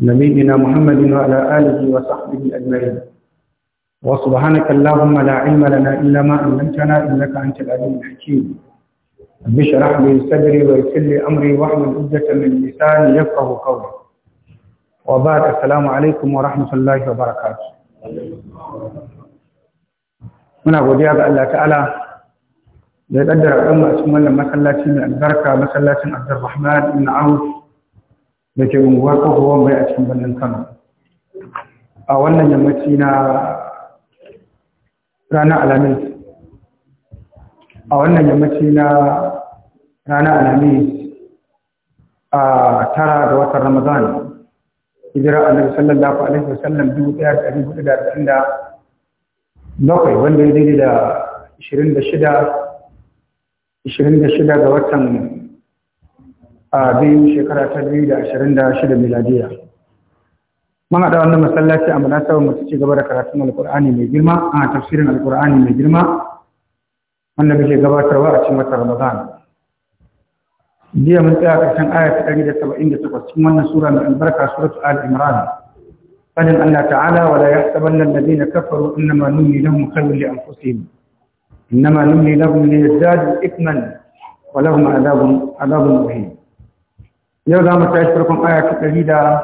نبينا محمد وعلى آله وصحبه أجمعين وسبحانك اللهم لا علم لنا إلا ما علمتنا إنك أنت العليم الحكيم رب اشرح لي صدري ويسر لي أمري واحلل عقدة من لساني يفقه قولي وبعد السلام عليكم ورحمة الله وبركاته muna godiya ga Allah ta'ala da ya kaddara ɗan masu mallan masallaci mai albarka masallacin Abdurrahman ibn da ke unguwar kofofin bai a cikin birnin kano a wannan yammaci na rana alamis a wannan yammaci na rana alamis a tara da watan ramadan hijira annabi sallallahu alaihi wasallam dubu ɗaya da ɗari hudu da arba'in da bakwai wanda ya daidai da ashirin da shida ashirin da shida ga watan a biyu shekara ta biyu da ashirin da shida miladiya mun haɗa wannan masallaci a munasabar mu ci gaba da karatun Alƙur'ani mai girma a tafsirin Alƙur'ani mai girma wanda muke gabatarwa a cikin wata ramadan jiya mun tsaya karshen aya ta ɗari da saba'in da takwas cikin wannan sura mai albarka suratu al imran ne الله تعالى ولا يحسبن الذين كفروا إنما نملي لهم خير لأنفسهم ne da لهم ليزدادوا إثما ولهم adabun عذاب مهين yau za mu tashi farkon aya ta ɗari da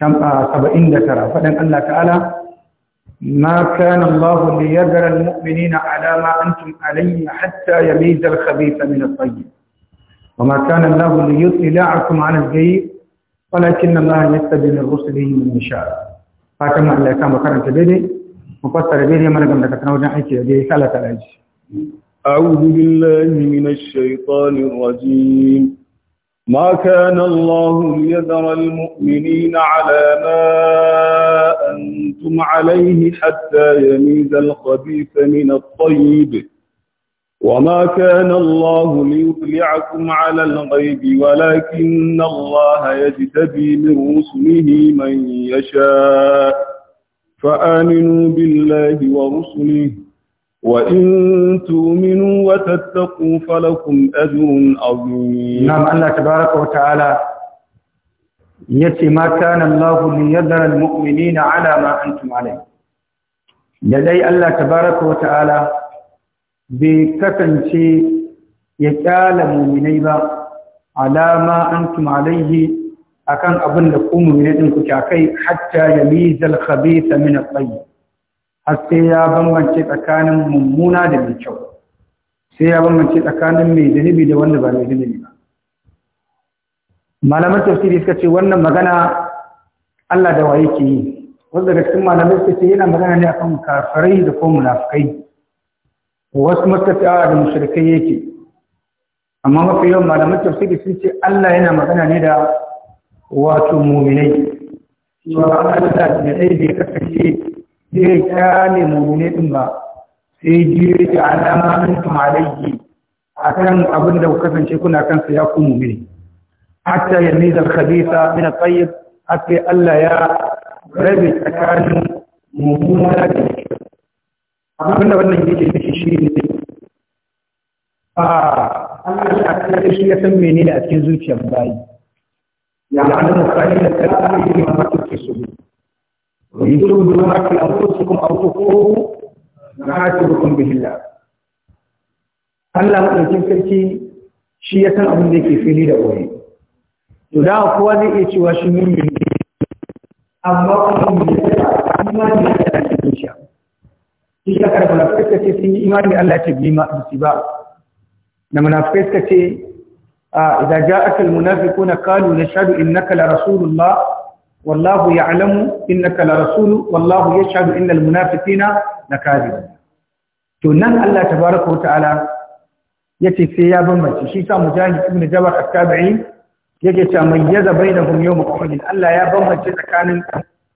saba'in da tara faɗin Allah ta'ala ma kana Allah li yadara al-mu'minina ala ma antum alayhi hatta yamiza al-khabitha min at-tayyib wa ma kana Allah li yutla'akum 'ala al-ghayb walakin Allah yattabi min rusulihi man yasha fatan Allah ya kama karanta daidai mu fassara daidai mana gamda ka tana wajen aiki da kala kala ji أعوذ بالله من الشيطان الرجيم ما كان الله ليذر المؤمنين على ما أنتم عليه حتى يميز الخبيث من الطيب وما كان الله ليطلعكم على الغيب ولكن الله يجتبي من رسله من يشاء فآمنوا بالله ورسله وإن تؤمنوا وتتقوا فلكم أجر عظيم نعم الله تبارك وتعالى يتي ما كان الله ليذر المؤمنين على ما أنتم عليه لدي الله تبارك وتعالى بكفنشي يكال مؤمنين على ما أنتم عليه أكان أبن لكم من أنكم حتى يميز الخبيث من الطيب har sai ya bambance tsakanin mummuna da mai kyau sai ya bambance tsakanin mai zunubi da wanda ba mai zunubi ba malaman tafsiri suka ce wannan magana Allah da waye ke yi wanda daga cikin malamai suka ce yana magana ne akan kafirai da ko munafikai wasu matafiya da mushrikai yake amma mafi yawan malaman tafsiri sun ce Allah yana magana ne da wato muminai cewa Allah da muminai bai kasance sai kyale mummune din ba sai jiye ta alama min a kan abin da ku kasance kuna kansa ya ku mummune hatta yamiza al-khabitha min at-tayyib hatta Allah ya rabe tsakanin mummuna da abin da wannan yake nufi shi ne a Allah ya kalle shi ya san menene a cikin zuciyar bayi ya da alamu kalila kalila ma tukisu ويجروا دونك أنفسكم أو تخوه نحاسبكم به الله Allah maɗaukin sarki shi ya san abin da yake fili da ɓoye. To da kowa zai iya cewa shi mummi ne, amma kuma mummi ne imani da Allah ce zuciya. Shi ya karfa na fuska ce sun yi da Allah bi ma ba. Na munafikai suka ce إذا جاءك المنافقون قالوا نشهد إنك لرسول الله wallahu in innaka la rasulu wallahu yashhadu innal na lakadibun to nan Allah tabaaraka wa ta'ala yace sai ya bambance shi sa mujahid ibn jabr at-tabi'i yake cewa mayyaza bainahum yawm uhud Allah ya bambance tsakanin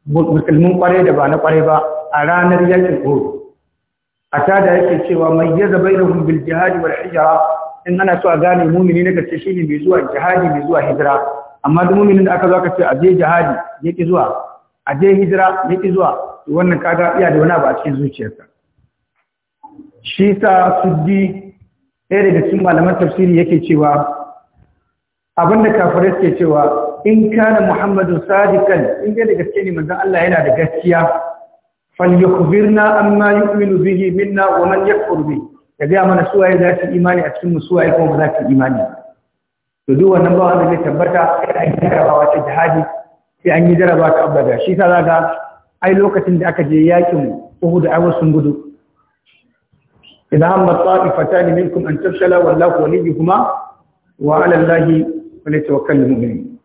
musulmin kware da ba na kware ba a ranar yakin uhud ata da yake cewa mayyaza bainahum bil jihad wal hijra in ana so a gane mu'mini ne gaske shine mai zuwa jihadi mai zuwa hijira amma duk mu'minin da aka zo aka ce a je jihadi ya ki zuwa a je hijira ya ki zuwa wannan kaga iya da wani abu a cikin zuciyarsa shi sa suddi ɗaya daga cikin malaman tafsiri yake cewa abinda kafirai suke cewa in kana muhammadu sadiqan in ga gaske ne manzon Allah yana da gaskiya falyukhbirna amma yu'minu bihi minna wa man yakfur bihi ya ga mana suwaye za su imani a cikin mu suwaye kuma ba za su imani to duk wannan ba wanda zai tabbata sai an yi jarabawa ta jihadi sai an yi jarabawa ta abada shi sa zaka ai lokacin da aka je yakin Uhud ai wasu sun gudu idan amma ta'ifatan minkum an tafshala wallahu waliyuhuma wa 'ala allahi falyatawakkalul mu'minun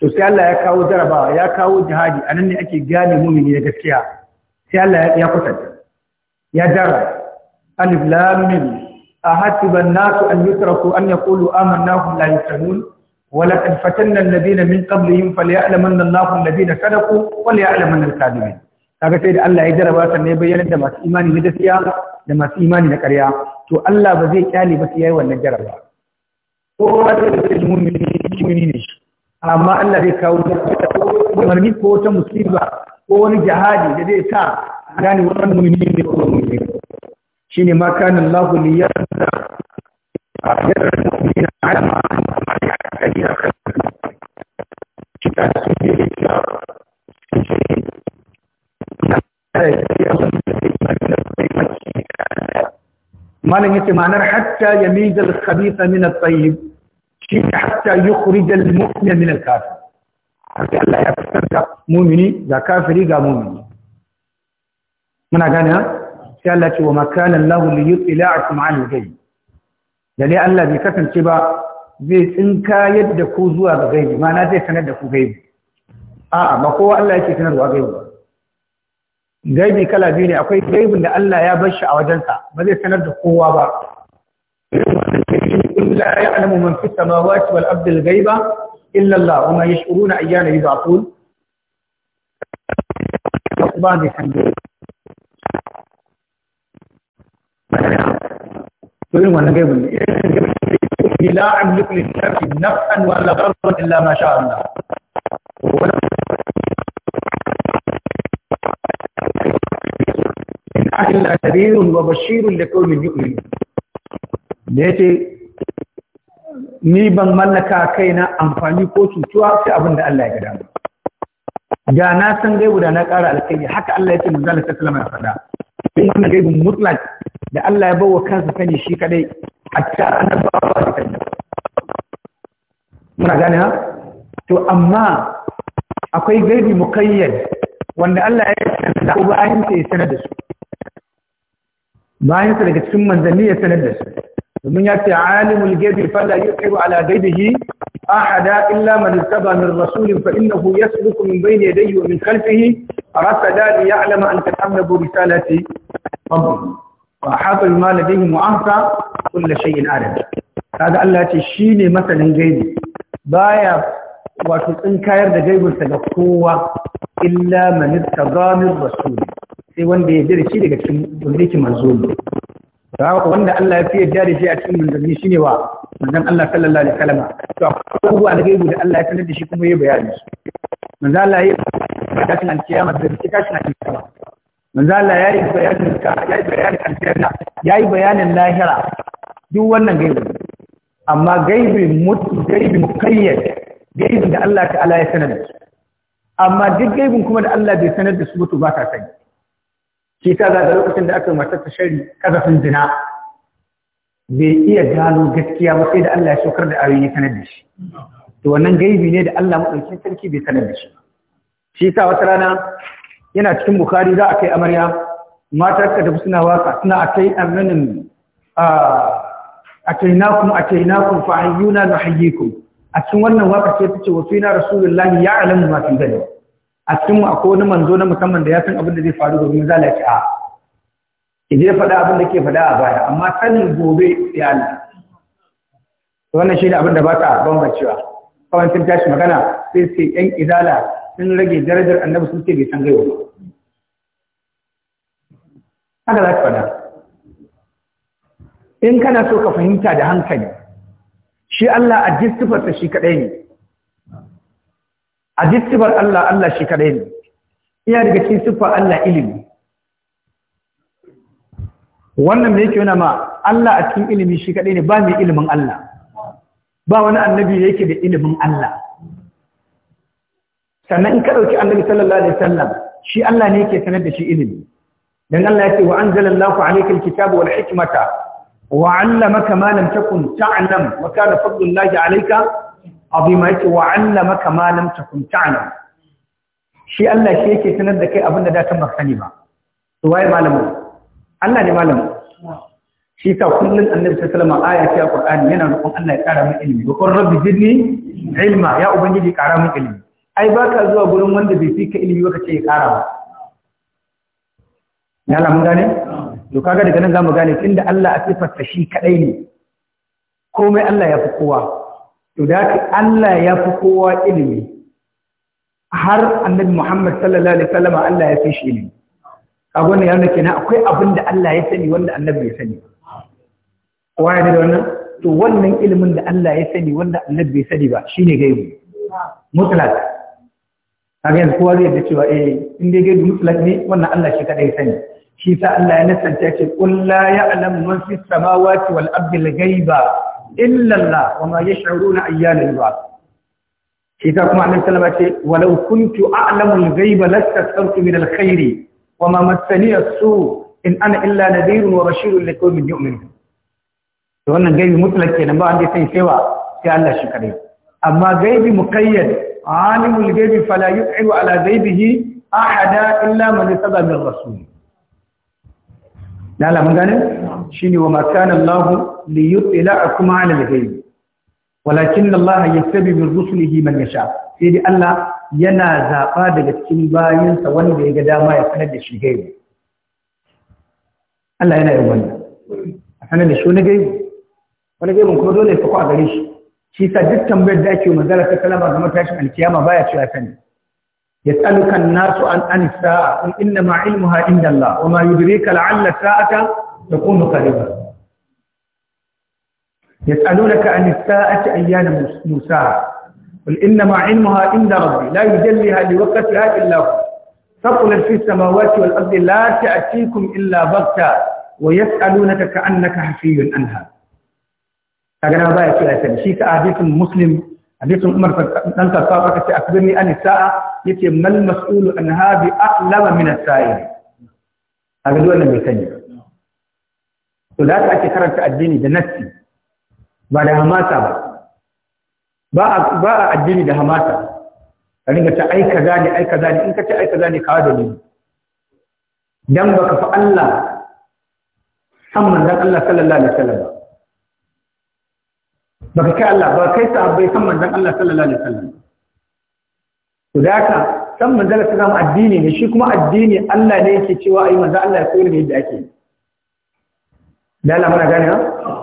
to sai Allah ya kawo jarabawa ya kawo jihadi a nan ne ake gane mumini da gaskiya sai Allah ya kusanta ya jara alif lam mim أحسب الناس أن يتركوا أن يقولوا آمناهم لا يفتنون ولقد فتنا الذين من قبلهم فليعلمن الله الذين صدقوا وليعلمن الكاذبين kaga sai da Allah ya jaraba ta ne bayyana da masu imani na gaskiya da masu imani na ƙarya to Allah ba zai kyale ba sai yayi wannan jaraba ko ba zai da mu'mini ne amma Allah zai kawo umarni ko ta musiba ko wani jihadi da zai sa gane wannan mu'mini ne ko mu'mini shine ma kana Allah li yarda yarda mu'mina ala ma malam yace ma'anar hatta yamiz al-khabitha min at-tayyib shi hatta yukhrij al-mu'min min al-kafir hatta Allah ya fitar da mu'mini ga kafiri ga mu'mini muna gane ha sai Allah ce wa makana Allah li yutla'akum 'ala al-ghayb lalle Allah bai kasance ba zai tsinka yadda ku zuwa ga gai ma na zai sanar da ku gai gaibi a'a ba kowa Allah yake sanarwa gaibi ba Gai bi kala biyu ne akwai gaibin da Allah ya bar shi a wajensa ba zai sanar da kowa ba la ya'lamu man fis samawati wal ardi al-ghaiba illa Allah wa ma yash'uruna ayyana yub'athun subhanahu wa ta'ala irin wannan gaibin ne irin gaibin ne la amliku li nafsi nafsan wa la darran illa ma sha Allah ni ban mallaka kaina amfani ko cutuwa sai abin da Allah ya gada mu da na san gaibu da na ƙara alkhairi haka Allah ya ce manzo Allah sallallahu alaihi wasallam ya faɗa in gaibu mutlaq da Allah ya bawa kansa sani shi kadai hatta annabawa da kansa muna gane ha to amma akwai gaibi mukayyad wanda Allah ya sanar da bayan sa ya sanar da su bayan sa daga cikin manzanni ya sanar da su domin ya ce alimul gaibi fala yuqiru ala gaibihi ahada illa man ittaba min rasulin fa innahu yasluku min bayni yadayhi wa min khalfihi rasada li ya'lama an qad amlabu risalati rabbih wa haɓar ma ladaihi mu'amsa kulla shayin adam kaga Allah ce shi ne masanin gaibi baya wato tsinkayar da gaibinsa ga kowa illa man tagamir rasul sai wanda ya jira shi daga cikin wanda yake manzo ne wanda Allah ya fi yarda da shi a cikin manzanni shine wa manzon Allah sallallahu alaihi wasallam to abubuwa na gaibu da Allah ya sanar da shi kuma ya bayani manzo Allah ya ta cikin alkiyama da ta cikin alkiyama Manzala ya yi bayanin ka yayi bayanin aljanna yayi bayanin lahira duk wannan gaibi amma gaibi mut gaibi muqayyad gaibi da Allah ta'ala ya sanar da su amma duk gaibin kuma da Allah bai sanar da su mutu ba ta sani shi ta ga lokacin da aka matar ta shari kazafin zina bai iya gano gaskiya ba sai da Allah ya saukar da ayoyi sanar da shi to wannan gaibi ne da Allah madaukakin sarki bai sanar da shi shi ta wata rana yana cikin bukari za a kai amarya mata ka tafi suna waka suna a kai aminin a tainakun a tainakun fa'ayyuna na hayyikun a cikin wannan waka ce ta ce wasu yana rasulullahi ya alamu mafi gani a cikin mu akwai wani manzo na musamman da ya san abin da zai faru domin zalaci a ki je faɗa abin da ke faɗa a baya amma sanin gobe ya Allah wannan shi ne abin da ba ta bambancewa kawai sun tashi magana sai sai yan izala sun rage darajar annabi sun ce bai san gaiwa ba haka za ka faɗa in kana so ka fahimta da hankali shi Allah a jistifarsa shi kaɗai ne a jistifar Allah Allah shi kaɗai ne iya daga cikin siffar Allah ilimi wannan da yake yana ma Allah a cikin ilimi shi kaɗai ne ba mai ilimin Allah ba wani annabi da yake da ilimin Allah sannan in ka ɗauki annabi sallallahu alaihi wasallam shi Allah ne yake sanar da shi ilimi dan Allah yake wa anzalallahu alayka alkitaba wal hikmata wa 'allamaka ma lam takun ta'lam wa kana fadlullahi alayka azima yake wa 'allamaka ma lam takun ta'lam shi Allah shi yake sanar da kai abinda da kan sani ba to waye malamu Allah ne malamu shi ta kullun annabi sallallahu alaihi wasallam ayati alqur'ani yana roƙon Allah ya ƙara min ilimi roƙon rabbi zidni ilma ya ubangiji ƙara min ilimi ai ba ka zuwa gurin wanda bai fi ka ilimi ba ka ce ya ƙara ba ya lamun gane Doka ga daga nan mu gane da Allah a sifarsa shi kadai ne komai Allah ya fi kowa to da haka Allah ya fi kowa ilimi har annabi Muhammad sallallahu alaihi wasallam Allah ya fi shi ilimi kaga ya nake na akwai abin da Allah ya sani wanda annabi ya sani kowa ya da wannan to wannan ilimin da Allah ya sani wanda annabi bai sani ba shine gaibu Mutlaka. kaga yanzu kowa zai da cewa eh in dai gaibu mutlaq ne wannan Allah shi kadai sani shi sa Allah ya nasanta ce qul la ya'lamu man fis samawati wal ardi al ghaiba illa Allah wa ma yash'uruna ayyana yub'ath shi sa kuma annabi sallallahu alaihi wasallam ce walau kuntu a'lamu al ghaiba lastasartu min al khairi wa ma massani as-su in ana illa nadhirun wa bashirun liqaumin yu'minun to wannan gaibi mutlaq kenan ba wanda sai sai wa sai Allah shi kadai amma gaibi muqayyad alimul gaibi fala yus'ilu ala ghaibihi ahada illa man tabi'a min rasul lala mun gane shine wa ma kana Allah li yut'ila'akum ala al-ghaib walakin Allah yastabi min rusulihi man yasha Allah yana daga cikin bayinsa wanda ya ga dama ya sanar da shi gaibi Allah yana yin wannan a sanar da shi wani gaibi wani gaibin kuma dole ya fako a gare shi shi sa duk tambayar da ake manzala ta kalama game tashin alkiyama baya cewa sani yas'aluka an-nasu an an sa'a kun inna ma ha inda Allah wa ma yudrika la'alla sa'ata takunu qariba yas'alunaka an saati ayyana musa قل إنما علمها عند ربي لا يجليها لوقتها إلا هو ثقلت في السماوات والأرض لا تأتيكم إلا بغتة ويسألونك كأنك حفي عنها kaga na baya cewa sai shi ta hadisin muslim hadisin umar dan kasawa aka ce akbirni an sa'a yace mal mas'ulu an hadi aqlama min as-sa'il kaga dole mai sani to da ake karanta addini da nassi ba da hamasa ba ba a addini da hamasa ka ringa ta aika zane aika zane in ka ce aika zane kawo da nini dan baka fi Allah san manzon Allah sallallahu alaihi wasallam baka kai Allah ba kai sahabbai san manzon Allah sallallahu alaihi wasallam to da haka san manzon Allah sallallahu addini ne shi kuma addini Allah ne yake cewa ai manzon Allah ya koyar da yadda ake da Allah muna gane ha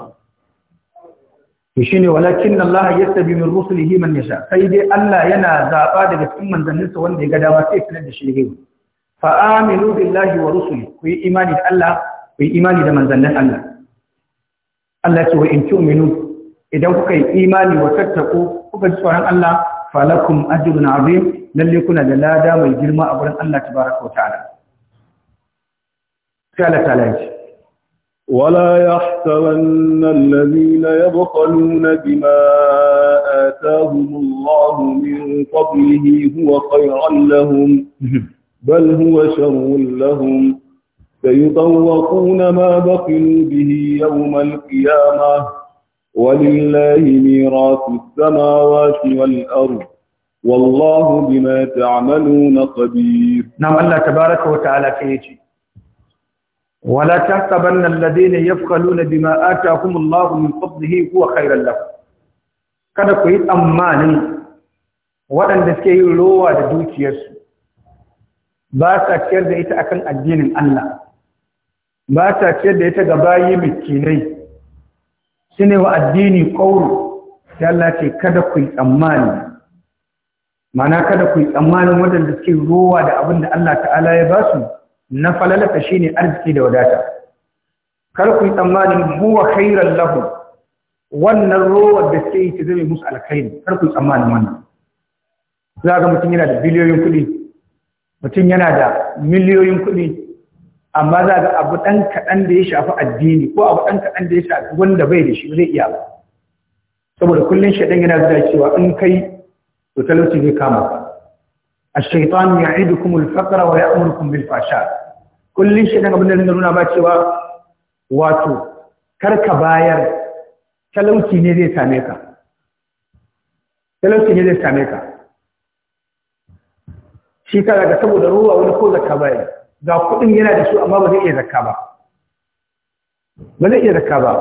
to ne walakin Allah yastabi min rusulihi man yasha sai dai Allah yana zaba daga cikin manzanninsa wanda ya ga dama sai sanar da shi ne fa aminu billahi wa rusuli ku yi imani da Allah ku yi imani da manzannin Allah Allah ce wa in tu'minu idan kuka yi imani wa tattaku kuka ji tsoron Allah falakum ajrun azim lalle kuna da lada mai girma a gurin Allah tabaraka ta'ala kala kala ji ولا يحسبن الذين يبخلون بما آتاهم الله من فضله هو خيرا لهم بل هو شر لهم sayutawquna ما baqilu به يوم القيامة ولله ميراث السماوات والأرض والله بما تعملون خبير نعم الله تبارك وتعالى كيتي ولا تحسبن الذين يبخلون بما آتاهم الله من فضله هو خيرا لهم kada ku yi tsammanin waɗanda suke yi rowa da dukiyarsu ba sa ciyar da ita akan addinin Allah ba sa ciyar da ita ga bayi miskinai shine ne wa addini ƙauru ya Allah ce kada ku yi tsammani mana kada ku yi tsammanin waɗanda suke rowa da abin da Allah ta'ala ya ba su na falalaka shine arziki da wadata kar ku yi tsammanin huwa khairan lahu wannan rowar da suke yi ta zame musu alkhairi kar ku yi tsammanin wannan za ga mutum yana da biliyoyin kuɗi mutum yana da miliyoyin kuɗi amma za ga abu ɗan kaɗan da ya shafi addini ko abu ɗan kaɗan da ya shafi wanda bai da shi zai iya ba saboda kullum shaɗan yana zuwa cewa in kai to talauci zai kama ka a shaitan ya aidu kuma alfakara wa ya amurkun bil fasha kullum shaɗan abin da nuna ba cewa wato karka bayar talauci ne zai same ka talauci ne zai same ka shi ka daga saboda ruwa wani ko zaka bayar ga kuɗin yana da su amma ba zai iya zakka ba ba zai iya zakka ba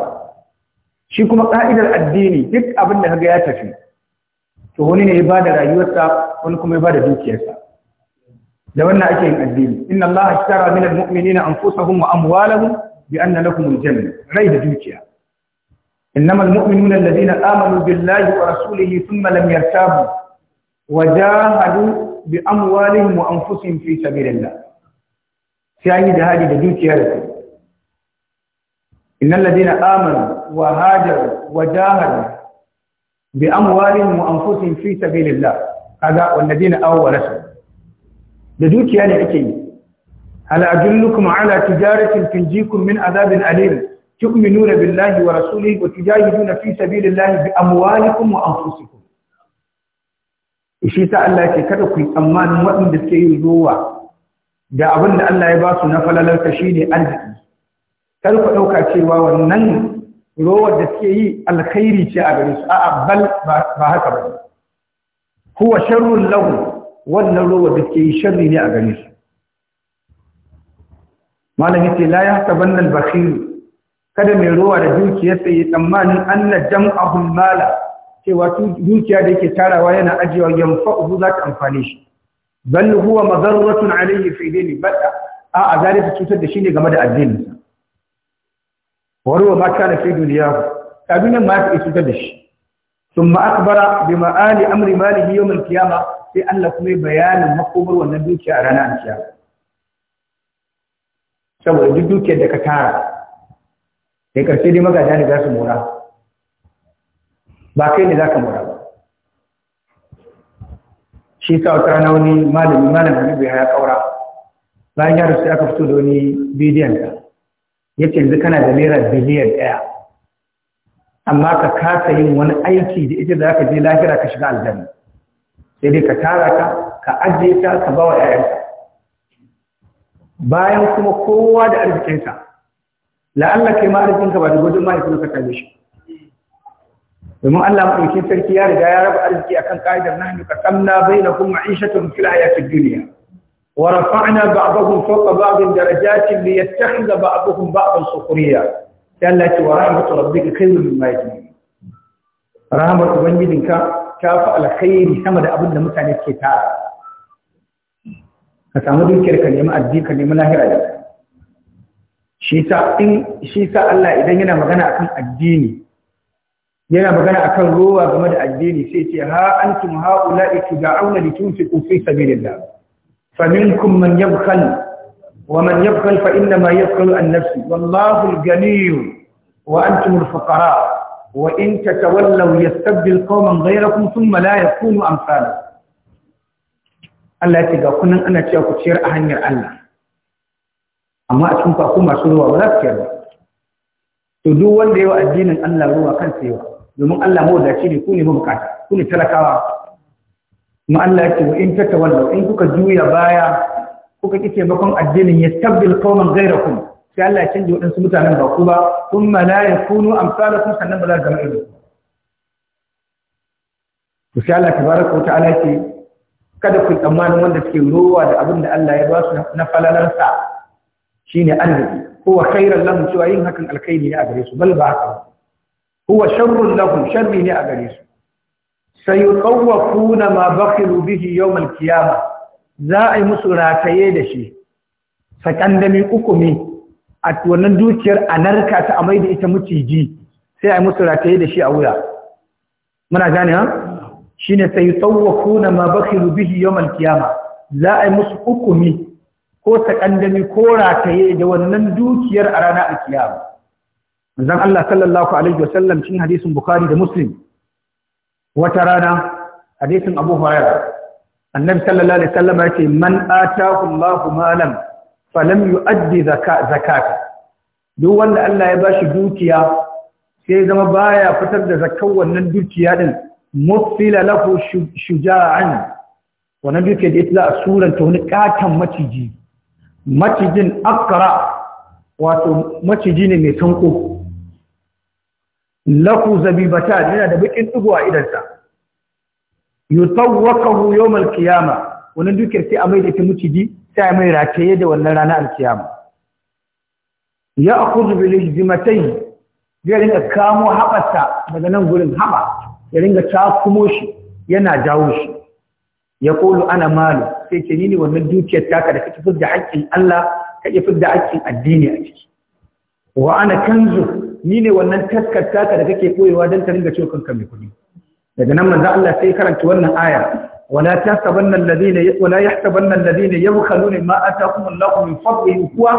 shi kuma ka'idar addini duk abin da kaga ya tafi to wani ne ya bada da rayuwarsa wani kuma ya ba da dukiyarsa da wannan ake yin addini inna Allah ashtara min almu'minina anfusahum wa amwalahum bi anna lahum aljanna rai da dukiya innamal mu'minuna alladhina amanu billahi wa rasulihi thumma lam yartabu wa jahadu bi amwalihim wa anfusihim fi sabilillah sai an yi jihadi da dukiyar innal ladina amanu wa hajaru wa jahadu bi amwalihim wa anfusihim fi sabilillah kaga wal ladina awwalasu da dukiya ne ake yi hal ajullukum ala tijaratin tunjikum min azabin alim tu'minuna billahi wa rasulihi wa tujahiduna fi sabilillahi bi amwalikum wa anfusikum shi ta Allah ke kada ku tsammanin waɗanda suke yin zuwa da abin da Allah ya ba su na falalarsa shi ne arziki kar ku ɗauka cewa wannan rowar da suke yi alkhairi ce a gare su a'a bal ba haka ba huwa sharrun lahu wannan rowar da suke yi sharri ne a gare su malam yace la yahsabanna al-bakhil kada mai rowa da dukiya sai ya tsammanin anna jam'ahum mala cewa dukiya da yake tarawa yana ajiyewa yamfa'u za ta amfane shi bal huwa madarratun alayhi fi dini bal a azalifi cutar da shine game da addini warwa ma kana fi dunya ka dunya ma ta isu da shi thumma akbara bi ma'ali amri malihi yawm al-qiyamah sai Allah kuma bayanin makobar wannan dukiya a ranar kiyama saboda duk dukiyar da ka tara sai karshe dai magaja ne za su mora ba kai ne za ka mora ba shi sa wata rana wani malami malam habibu ya kaura bayan ya rasu aka fito da wani bidiyon ka ya ce yanzu kana da naira biliyan ɗaya amma ka kasa yin wani aiki da ita da ka je lahira ka shiga aljanna sai dai ka tara ka ka ajiye ta ka ba wa ƴaƴanka bayan kuma kowa da arzikinsa la'alla kai ma arzikinka ba da gudun mahaifinka ka kalle shi domin Allah maɗauki sarki ya riga ya raba arziki akan ka'idar na hannu kasamna bai na kuma aishatun fil hayatun duniya wa rafa'na ba'dahum fawqa ba'din darajatin li yattakhidha ba'dahum ba'dan sukhriya sai Allah ya ce wa rahmatu rabbika khayrun mimma yajma'un rahmar ubangijinka ta fi alkhairi sama da abin da mutane ke tara ka samu dukiyar ka nemi addini ka nemi lahira da shi sa in shi sa Allah idan yana magana akan addini yana magana akan ruwa game da addini sai ce ha antum haula'i tud'auna litunfiqu fi sabilillah faminkum man yabkhal wa man yabkhal fa inna ma yabkhalu an nafsi wallahu al-ghaniy wa antum al-fuqara wa in tatawallaw yastabdil qauman ghayrakum thumma la yakunu amsalakum Allah ya ce ga kunan ana cewa ku ciyar a hanyar Allah amma a cikin ku masu ruwa ba za su ciyar ba to duk wanda yawa addinin Allah ruwa kan yawa domin Allah mawadaci ne ku ne mabukata ku ne talakawa kuma Allah yake wa in tatawallu in kuka juya baya kuka ki taimakon addinin ya tabbil qauman ghayrakum sai Allah ya canje wadansu mutanen ba ku ba thumma la yakunu amsalakum sannan ba za ga mai ku sai Allah tabaraka wa ta'ala yake kada ku tsammanin wanda suke rowa da abin da Allah ya ba su na falalarsa shine arziki ko wa khairan lahum cewa yin hakan alkhairi ne a gare su bal ba haka huwa sharrun lahum sharri ne a gare su sayuqawwafuna ma bakhilu bihi yawm al za a yi musu rataye da shi sakandami ukumi a wannan dukiyar anarka ta amai da ita muciji sai a yi musu rataye da shi a wuya muna gane ha shine sayuqawwafuna ma bakhilu bihi yawm al-qiyamah za a yi musu hukumi ko sakandami ko rataye da wannan dukiyar a ranar alkiyama manzon Allah sallallahu alaihi wasallam cikin hadisin Bukhari da Muslim wata rana hadisin Abu Hurairah annabi sallallahu alaihi wasallam yace man ataahu Allahu malan falam yuaddi zakata duk wanda Allah ya bashi dukiya sai zama baya fitar da zakar wannan dukiya din mufila lahu shuja'an wannan dukiya da ita suran suranta wani katan maciji macijin akra wato maciji ne mai tanko lahu zabibatan yana da bakin dugo a idansa yutawwaqahu yawm al-qiyama wannan dukiyar sai a mai da ta maciji, sai a mai rataye da wannan rana al-qiyama akhudhu bil ijmatayn zai ringa kamo haɓata daga nan gurin haɓa ya ringa cakumo shi yana jawo shi ya kulu ana malu sai ce ni ne wannan dukiyar taka da kake fidda haƙƙin Allah kake fidda haƙƙin addini a ciki wa ana kanzu ni ne wannan taskar taka da kake koyewa don ta ringa ciwo kanka mai kuɗi daga nan manzo Allah sai karanta wannan aya wala tahsabanna alladhina wala yahsabanna alladhina yabkhaluna ma ataakum Allahu min fadlihi huwa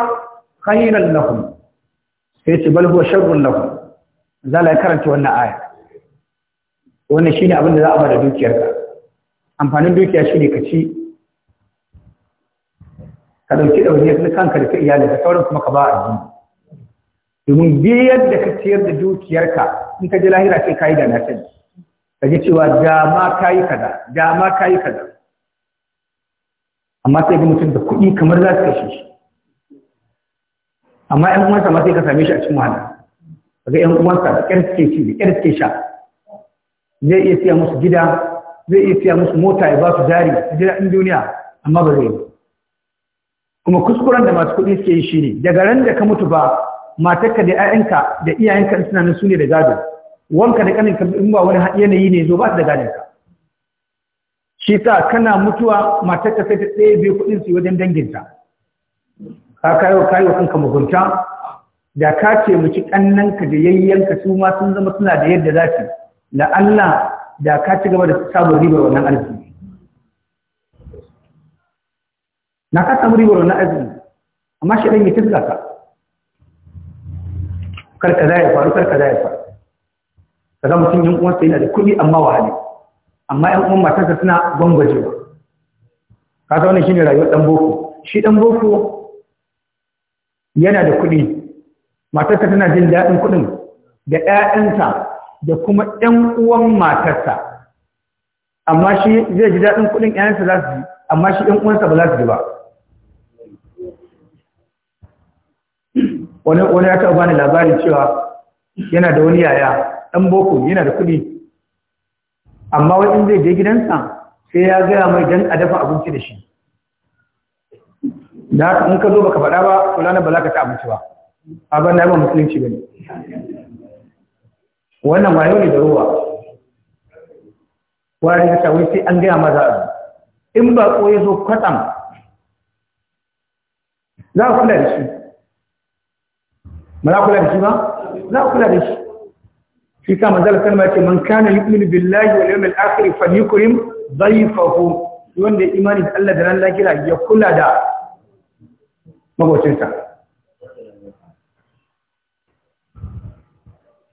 khayran lahum sai ce bal huwa sharrun lahum zala ya karanta wannan aya wannan shine abin da za a bada dukiyarka amfanin dukiya shine ka ci ka dauki dawainiyar kanka da ta iyali da sauran kuma ka ba a jini. domin biyar da ka ciyar da dukiyarka in ka ji lahira sai ka yi da na ka ji cewa da ma ka yi kaza da ma ka yi kaza amma sai ga mutum da kuɗi kamar za su kashe shi amma ‘yan uwansa ma sai ka same shi a cikin wahala daga ‘yan uwansa da ƙyar suke ci da ƙyar suke sha zai iya siya musu gida zai iya siya musu mota ya ba su jari a ji daɗin duniya amma ba zai yi kuma kuskuren da masu kuɗi suke yi shi ne daga ran da ka mutu ba matarka da 'ya'yanka da iyayenka suna nan sune da gado wanka da kaninka in ba wani yanayi ne zo ba su da gadonka shi sa kana mutuwa matarka sai ta tsaye bai kuɗin su wajen danginta ka kayo kayo kanka mugunta da ka ce muci kannanka da yayyanka su ma sun zama suna da yadda za su la Allah da ka ci gaba da samun ribar wannan arziki na ka samu ribar wannan arziki amma shi ɗan ya tilga ka karka kaza ya faru karka kaza ya faru kaga mutum yan uwansa yana da kuɗi amma wahale amma yan uwan matarsa suna gwangwajewa zaune wannan shine rayuwar dan boko shi dan boko yana da kuɗi matarsa tana jin daɗin kuɗin da ƴaƴanta da kuma ƴan uwan matarsa amma shi zai ji daɗin kuɗin ƴaƴansa za su ji amma shi ƴan uwansa ba za su ji ba wani wani ya taɓa bani labarin cewa yana da wani yaya ɗan boko yana da kuɗi amma wani zai je gidansa sai ya gaya mai dan a dafa abinci da shi da haka in ka zo baka faɗa ba kula ba za ka ta abinci ba abin na ba musulunci ba ne wannan wayo ne da ruwa wani ya sai an gaya maza abu in ba ko ya zo kwatsam za a kula da shi ba za kula da shi ba za kula da shi shi sa manzala kalma ce man kana yu'minu billahi wal yawmil akhir falyukrim dhayfahu wanda imani da Allah da ran lafiya ya kula da magocinta.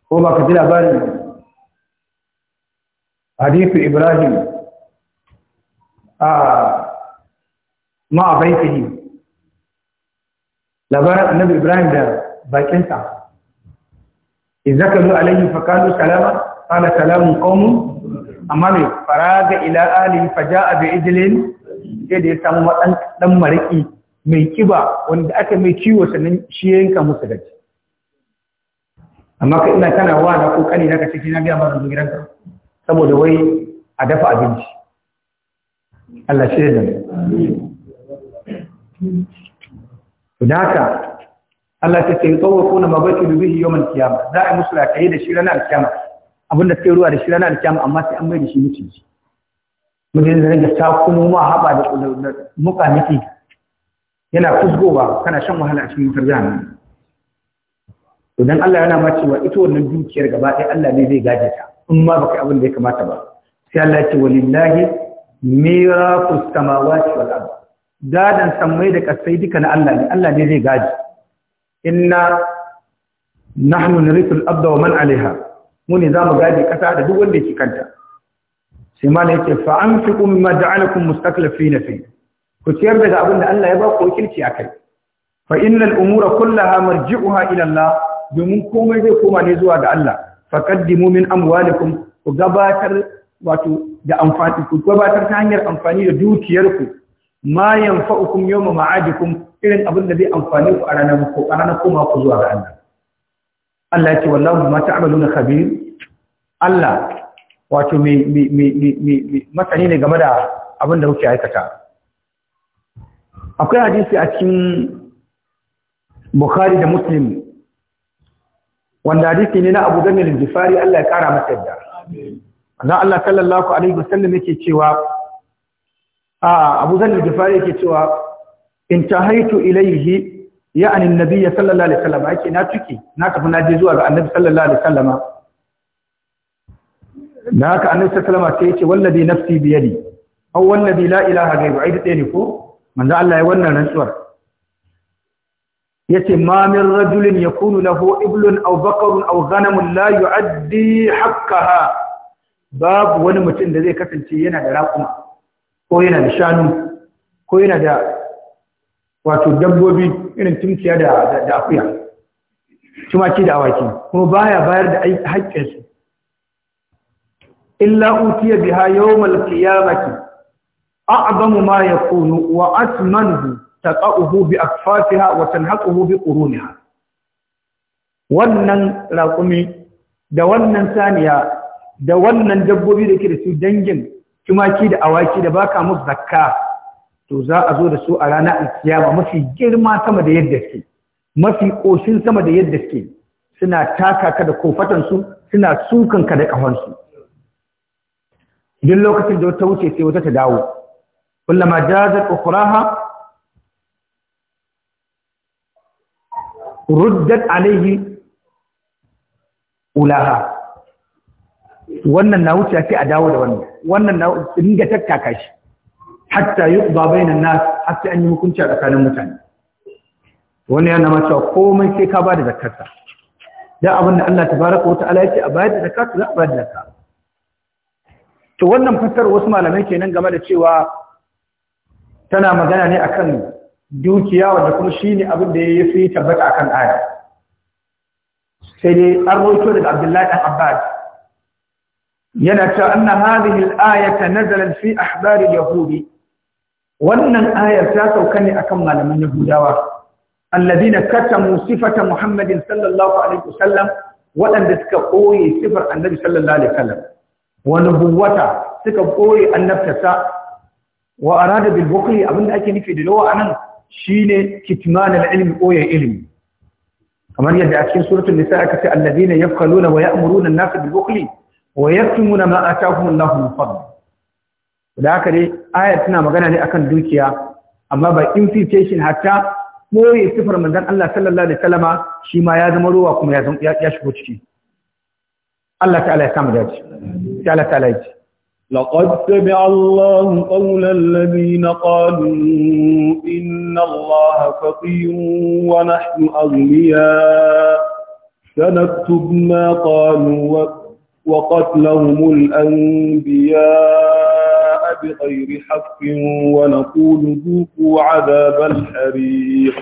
ko ba ka ji labarin hadithu ibrahim a ma baitihi labarin annabi ibrahim da bakinsa idza kalu alayhi fa qalu salama qala salamun qawmun amma mai faraga ila alihi fa jaa bi idlin sai ya samu dan dan mariki mai kiba wanda aka mai ciwo sanin shi yanka musu gaji amma kai ina kana wa na kokari naka ciki na ga mazan gidanka saboda wai a dafa abinci Allah shi da Amin Allah ta ce kuna ma da bihi yawmal kiyama za a yi musu rakaye da shi ranar kiyama abinda yi ruwa da shi ranar kiyama amma sai an mai da shi mutunci mutum da rage ta kuma ma haɓa da muka niki. yana kusgowa kana shan wahala a cikin wutar jami'a to Allah yana macewa, ita wannan dukiyar gaba ɗaya Allah ne zai gaje ta in ma baka abin da ya kamata ba sai Allah ya ce walillahi miratus samawati wal ard gadan sammai da kasai duka na Allah ne Allah ne zai gaje inna nahnu narithul abda wa man alaiha mu ne zamu gadi kasa da duk wanda yake kanta sai mana yake fa anfiqu mimma ja'alakum mustaklifina fi ku ciyar daga abinda da Allah ya ba ku wakilci akai fa innal umura kullaha marji'uha ila Allah domin komai zai koma ne zuwa ga Allah faqaddimu min amwalikum ku gabatar wato da amfani ku gabatar ta hanyar amfani da dukiyarku ma yanfa'ukum yawma ma'adikum irin abin da zai amfani ku a ranar ko a ranar koma ku zuwa ga Allah Allah ce wallahu ma ta'maluna khabir Allah wato mai masani ne game da abin da kuke aikata akwai hadisi a cikin Bukhari da Muslim wanda hadisi ne na Abu Dhamir al jifari Allah ya kara masa yadda Annabi Allah sallallahu alaihi wasallam yake cewa a Abu Dhamir al jifari yake cewa intahaitu ilaihi ya'ani annabi sallallahu alaihi wasallam ake na tuki na tafi na je zuwa ga annabi sallallahu alaihi wasallam da haka annabi sallallahu alaihi wasallam sai ya ce wallazi nafsi bi yadi aw wallazi la ilaha ghairu ai da ne ko manzo Allah ya wannan rantsuwar yace ma min rajulin yakunu lahu iblun aw baqarun aw ghanamun la yu'addi haqqaha babu wani mutum da zai kasance yana da raƙuma ko yana da shanu ko yana da wato dabbobi irin tunkiya da akuya tumaki da awaki kuma baya bayar da haƙƙinsu illa utiya biha yawmal qiyamati a'zamu ma yakunu wa atmanuhu taqahu bi akfafiha wa tanhaquhu bi quruniha wannan raƙumi da wannan saniya da wannan dabbobi da ke da su dangin tumaki da awaki da baka musu zakka to za a zo da su a ranar alkiyama mafi girma sama da yadda suke mafi ƙoshin sama da yadda suke suna taka ka da kofatansu suna sukan ka da ƙahonsu duk lokacin da wata wuce sai wata ta dawo kullama jazat ukhraha ruddat alaihi ulaha wannan na wuce sai a dawo da wannan wannan na dinga tattaka shi hatta yuqda bainan na hatta an yi hukunci a tsakanin mutane wannan yana ma cewa komai sai ka ba da zakarta da abin da Allah tabaraka wa ta'ala yake a bayar da zakat za a bayar da zakat to wannan fassar wasu malamai kenan game da cewa tana magana ne akan dukiya wanda kuma shine abin da yayi fi tabbata akan aya sai dai an rawaito daga Abdullahi dan Abbas yana cewa anna hadhihi al-ayata nazalat fi ahbari yahudi wannan ayar ta sauka ne akan malaman yahudawa alladina katamu sifata muhammadin sallallahu alaihi wasallam waɗanda suka koye sifar annabi sallallahu alaihi wasallam wa nubuwata suka koye annabtasa wa arada bil bukhli abinda ake nufi da lawa anan shine kitman al ilmi koye ilmi kamar yadda a cikin suratul nisa aka ce alladina yafkaluna wa ya'muruna an-nasa bil bukhli wa yaktumuna ma atahum Allahu min fadli da haka dai ayar tana magana ne akan dukiya amma ba imputation hatta boye sifar manzon Allah sallallahu alaihi wasallama shi ma ya zama ruwa kuma ya ya shigo ciki Allah ta'ala ya samu dace sai Allah ta'ala ya لقد سمع الله قول الذين قالوا إن الله فقير ونحن أغنياء سنكتب ما قالوا وقتلهم الأنبياء بغير حق ونقول ذوقوا عذاب الحريق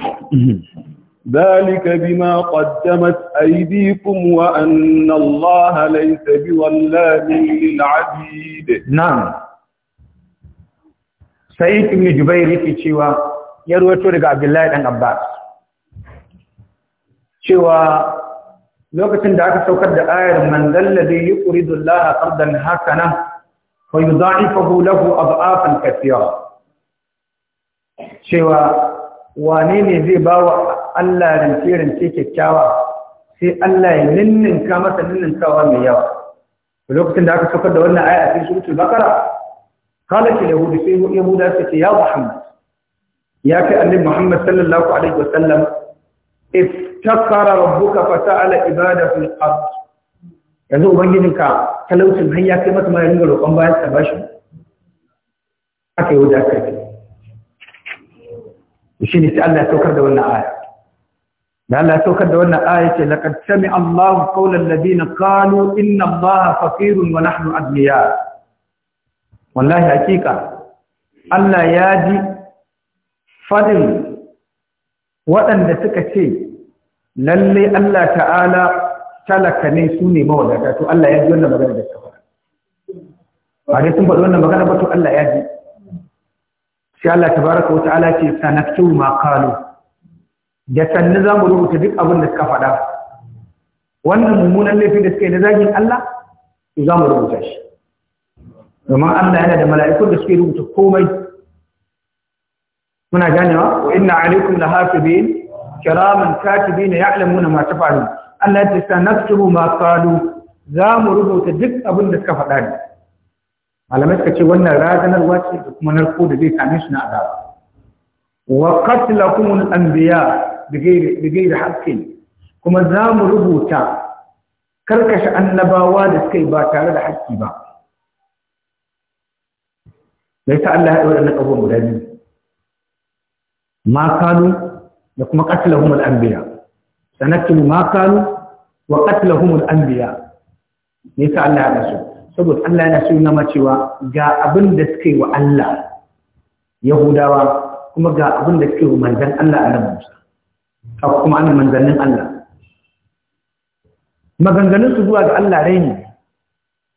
ذلك بما قدمت أيديكم وأن الله ليس بظلام للعبيد نعم سيد بن جبير في شيوا يروي عبد الله بن عباس cewa lokacin da aka saukar da ayar man zalladhi yuqridu Allah qardan hakana fa yudha'ifahu lahu ad'afan kathira cewa wane ne zai ba wa Allah rance rance kyakkyawa sai Allah ya ninninka masa ninninkawa mai yawa lokacin da aka saukar da wannan aya a cikin suratul baqara qala ki yahudu sai yahuda sai ya muhammad ya kai annabi muhammad sallallahu alaihi wasallam if iftakara rabbuka fata'ala ibadahu al-ard yanzu ubangijinka talaucin har ya kai masa ma ya ringa roƙon bayan sa bashi aka yi wajen kai shi ne sai Allah ya saukar da wannan aya da Allah ya saukar da wannan aya ce laqad sami'a Allahu qawla alladhina qalu inna Allaha faqirun wa nahnu aghniya wallahi hakika Allah ya ji fadin waɗanda suka ce lalle Allah ta'ala talaka ne su ne mawadata to Allah ya ji wannan magana da suka faɗa ba dai sun faɗi wannan magana ba to Allah ya ji sai Allah tabaraka wa ta'ala ce sanaktu ma qalu da sanni zamu rubuta duk abin da suka faɗa wannan mummunan laifin da suka yi na zagin Allah to zamu rubuta shi domin Allah yana da mala'ikun da suke rubuta komai muna ganewa wa inna alaikum lahafidin kiraman katibina ya'lamuna ma tafalu Allah ya ce sanaktubu ma qalu za mu rubuta duk abin da suka faɗa ne malamai suka ce wannan razanarwa ce da kuma narko da zai same shi na azaba wa qatlakum al-anbiya bi ghairi haqqin kuma za mu rubuta karkashe annabawa da suka yi ba tare da haƙƙi ba da ta Allah ya waɗanda ƙabuwa guda biyu ma kanu da kuma qatlahum al-anbiya sanaktubu ma kanu wa qatlahum al-anbiya ne yasa Allah ya rasu saboda Allah yana so nama cewa ga abin da suka wa Allah Yahudawa kuma ga abin da suka wa manzan Allah a nan Musa haka kuma ana manzannin Allah maganganun su zuwa ga Allah raini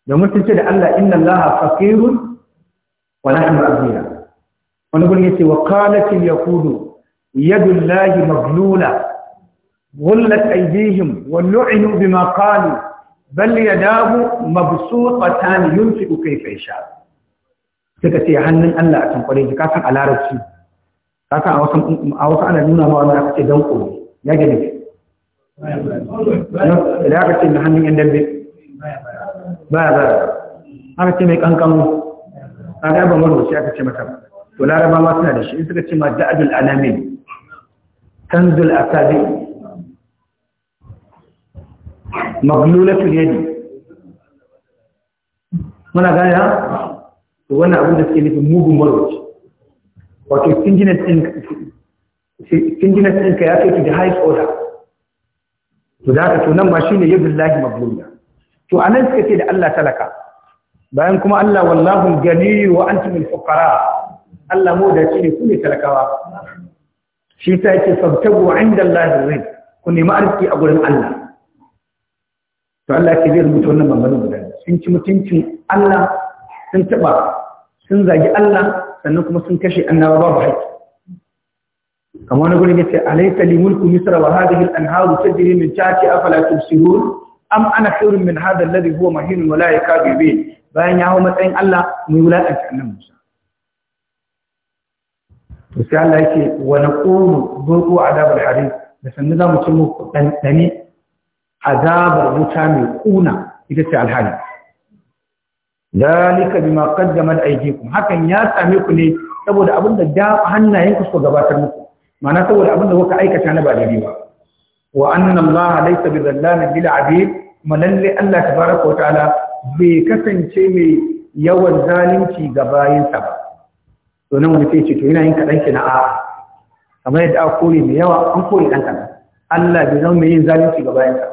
da ce da Allah inna Allah faqirun wa nahnu aghniya wani ya ce wa qalat al yahud yadun lahi maglula غلت أيديهم ولعنوا بما قالوا بل يداه مبسوطتان ينفق كيف يشاء suka ce hannun Allah a tankware ji kasan a larabci kasan a wasu ana nuna ma wani aka ce don ya gani da aka ce na hannun yan dambe baya aka ce mai kankanu a aka ce mata to laraba ma suna da shi in suka ce ma da'adul alamin kanzul asabi maglulatul yadi muna gaya ha to wannan abu da suke nufin mugun marwaci wato stinginess ɗin ka ya kai ki da high order to da haka to nan ma shine yadullahi maglula to nan suka ce da Allah talaka bayan kuma Allah wallahu gani wa antumul fuqara Allah mu da shi ne ku ne talakawa shi ta yake sabtabu inda Allah rizq ku nemi arziki a gurin Allah to Allah ke zai rubuta wannan maganganun guda sun ci mutuncin Allah sun taɓa, sun zagi Allah sannan kuma sun kashe annawa babu haƙƙi kamar wani gurin yace alaysa li mulku misra wa hadhihi al-anharu tajri min tahti afala tubsirun am ana khairun min hadha alladhi huwa mahinun wa la yakadu bayan ya hawo matsayin Allah mu yi wulaƙanci annabi Musa to sai Allah yake wa naqumu dhuqu adab harir da sannan zamu ci muku dani azabar wuta mai kuna ita ce alhali dalika bima qaddamat aydikum hakan ya same ku ne saboda abin da hannayenku suka gabatar muku ma'ana saboda da kuka aikata na ba daidai ba wa anna allaha laysa bizallamin lil abid malalle Allah tabaraka wa ta'ala bai kasance mai yawan zalunci ga bayinsa ba to nan wani ce to ina yin kaɗan ki na a'a kamar yadda aka kore mai yawa an kore ɗan kaɗan Allah bai zama mai yin zalunci ga bayansa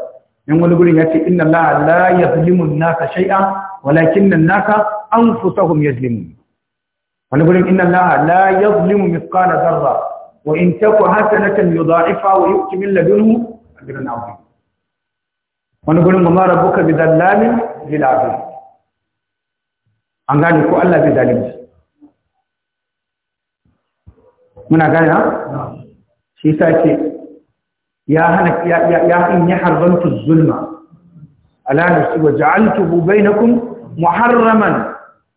in wani gurin ya ce inna Allah la yazlimu an-nasa shay'an walakin an-nasa anfusahum yazlimun wani gurin inna Allah la yazlimu mithqala dharra wa in taku hasanatan yudha'ifa wa yu'ti min ladunhu ajran 'azima wani gurin ma rabbuka bi dhallamin lil 'abid an gane ko Allah bai zalunci muna gane shi sa ce ya hana ya in ya harbantar zulma ala su wa na kun muharraman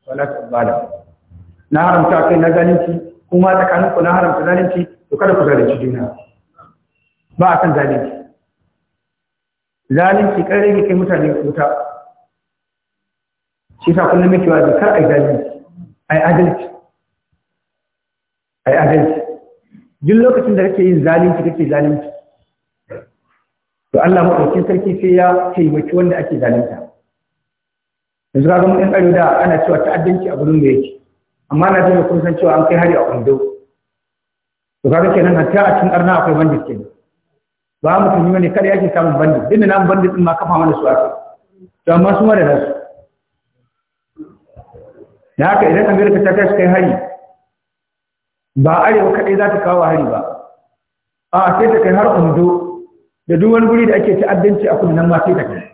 wala bada. na haramta kai na zalunci kuma tsakaninku ku na haramta zalunci to kada ku zalunci juna ba a kan zalunci zalunci kai rage kai mutane kuta shi sa kullum yake wa kar zalinci zalunci yi adalci A yi adalci duk lokacin da kake yin zalunci kake zalunci to Allah maɗaukin sarki sai ya taimaki wanda ake zalunta yanzu ga mun ɗan da ana cewa ta'addanci a gurin da yake amma na jin kun san cewa an kai hari a kwando to kake nan hatta a cikin arna akwai bandit kenan ba mu tuni mene kada yake samun bandi din nan bandi din ma kafa mana su ake to amma su ma da nasu da haka idan Amerika ta tashi kai hari ba arewa kaɗai za ta kawo hari ba a sai ta kai har ondo da duk wani guri da ake ta'addanci a kuma nan ma sai ta kai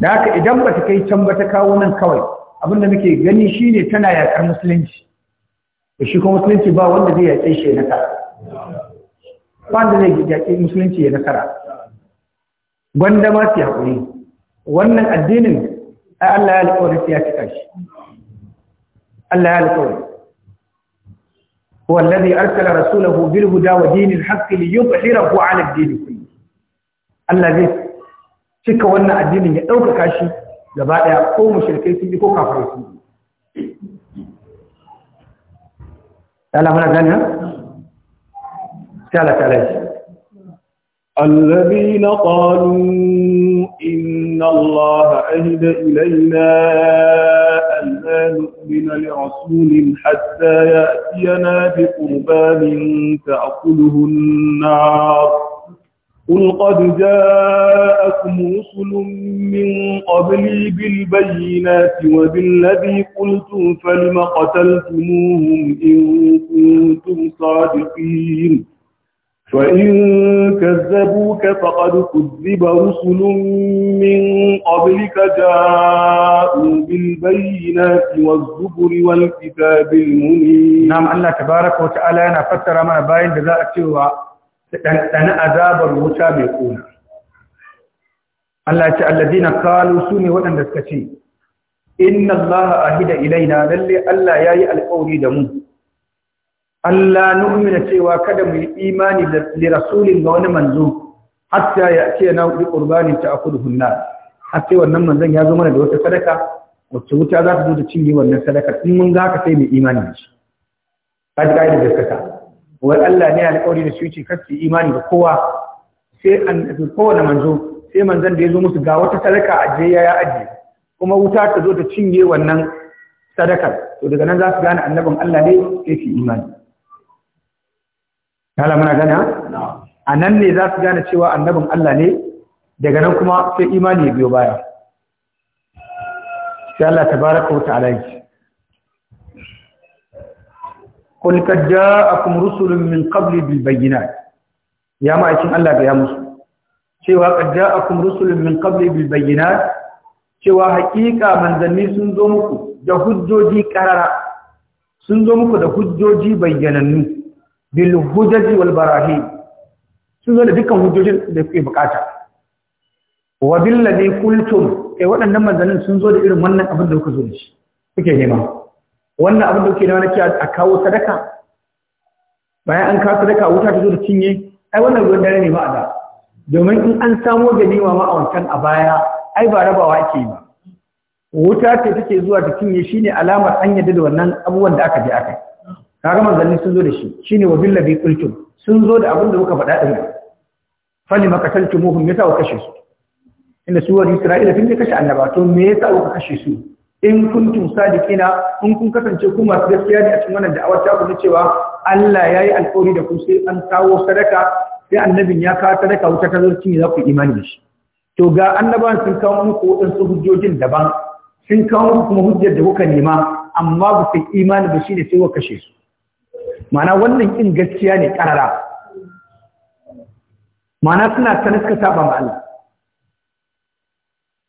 da haka idan ba ta kai can ba ta kawo nan kawai abin da muke gani shine tana yaƙar musulunci da shi kuma musulunci ba wanda zai yaƙe shi ya nasara ba wanda zai yaƙe musulunci ya nasara gwanda ma su haƙuri wannan addinin ai Allah ya alƙawarin ya cika shi Allah ya alƙawarin هو الذي أرسل رسوله بالهدى ودين الحق ليظهره على الدين كله الذي cika wannan addinin ya ɗaukaka shi gaba ɗaya ko mushrikai sun bi ko kafirai sun bi ta lamuna ha? ta ta الذين قالوا إن الله أهد إلينا لا نؤمن لرسول حتى يأتينا بقربان تأكله النار قل قد جاءكم رسل من قبلي بالبينات وبالذي قلتم فلم قتلتموهم إن كنتم صادقين فإن كذبوك فقد كذب رسل من قبلك جاءوا بالبينات والزبر والكتاب المنير نعم الله تبارك وتعالى أنا فتر من باين جزاء سوى أنا أذاب الوتا بيكون الله تعالى الذين قالوا سوني وأن تسكتي إن الله أهد إلينا للي الله يأي القول دمه Allah nu'mina cewa kada mu yi imani da rasulin ga wani manzo hatta ya ce na bi qurbanin ta akuduhun hunna har wannan manzon ya zo mana da wata sadaka wacce wuta za ta zo ta cinye wannan sadakar in mun ga ka sai mu imani da shi ka ji da gaskata wa Allah ne alƙawari da shi ce kar su imani da kowa sai an kowane manzo sai manzon da ya zo musu ga wata sadaka a je ya ajiye kuma wuta ta zo ta cinye wannan sadakar to daga nan za su gane annabin Allah ne sai su imani kala muna gana a nan ne za su gane cewa annabin Allah ne daga nan kuma sai imani biyo baya sai Allah wata alaiki. kun yake a kuma rusulun min من bil bayyana, ya ma'aikin Allah ga ya musu cewa a kuma rusulun min qabli bil bayyana, cewa hakika manzanni sun zo muku da hujjoji karara sun zo muku da hujjoji bayyanannu bil hujaji wal barahim sun zo da dukkan hujjojin da kuke bukata wa ladhi qultum eh wadannan manzanin sun zo da irin wannan abin da kuka zo da shi kuke nema wannan abin da kuke nema nake a kawo sadaka bayan an kawo sadaka wuta ta zo da cinye ai wannan ruwan dare ne ba da domin in an samo da nima ma a wancan a baya ai ba rabawa ake yi ba wuta ce take zuwa ta cinye shine alamar an yadda da wannan abubuwan da aka je aka yi kaga manzanni sun zo da shi shine wa billabi qultum sun zo da abin da muka faɗa din fali ma qataltumuhum yasa wa kashe su inda su isra'ila tun da kashe annaba to me yasa kuka kashe su in kuntum sadiqina in kun kasance ku masu gaskiya ne a cikin wannan da'awar ta ku cewa Allah yayi alƙawari da ku sai an kawo sadaka sai annabin ya kawo sadaka wuta ta zurci za ku imani da shi to ga annabawan sun kawo muku waɗansu hujjojin daban sun kawo muku kuma hujjar da kuka nema amma ba su imani ba shi ne sai wa kashe su ma'ana wannan kin gaskiya ne karara ma'ana suna sanar suka saba ma Allah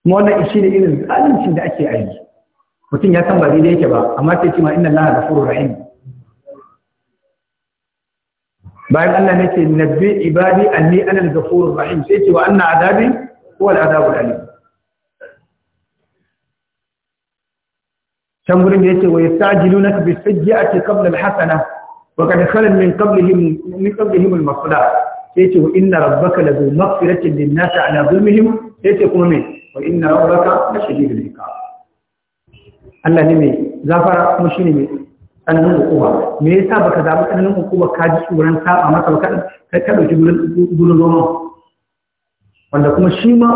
kuma wannan shi ne irin zalunci da ake aiki mutum ya san ba daidai yake ba amma sai ce ma inna Allah ghafurur rahim bayan Allah ne ce nabbi ibadi anni ana al-ghafurur rahim sai ce wa anna azabi huwa al-azabul alim can gurin da yake wa yastajilunaka bis sayyi'ati qabla al-hasana wa kad khalan min qablihim min qablihim al-masdar sai ce wa inna rabbaka la zu maghfiratin lin nas ala zulmihim sai ce kuma me wa inna rabbaka la shadidul iqab Allah ne mai zafara kuma shine mai tsananin hukuma me yasa baka zabi ka ji tsoron a masa ba ka wanda kuma shi ma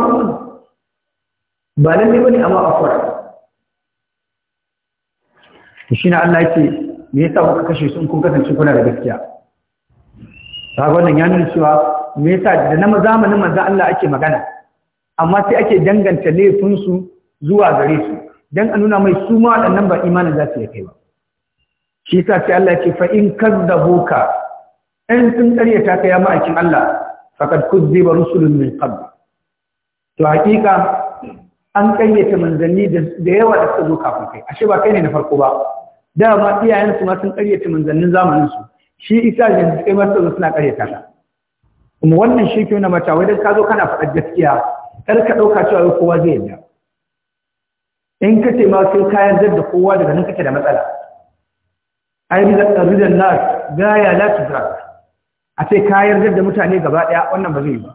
ba lalle bane amma afwar shi ne Allah yake me yasa kuka kashe su in kun kasance kuna da gaskiya ta wannan ya cewa me yasa da na zamanin manzon Allah ake magana amma sai ake danganta laifin su zuwa gare su dan a nuna mai su ma waɗannan ba imanin za su kai ba shi yasa sai Allah ya ce fa in kadzabuka in sun ta kai ya ma'aikin Allah faqad kuzziba rusulun min qabl to hakika an kayyata manzanni da yawa da suka zo kafin kai ashe ba kai ne na farko ba dama iyayensu ma sun karyata manzannin zamanin su, shi isa yanzu kai masu zo suna karyata ta kuma wannan shi ke na mata wai dan ka zo kana faɗar gaskiya kar ka ɗauka cewa kowa zai yarda in ka ce ma sai ka yarda da kowa daga nan kake da matsala ai ridan ga gaya la tudrak a ce ka yarda da mutane gaba ɗaya wannan ba zai yi ba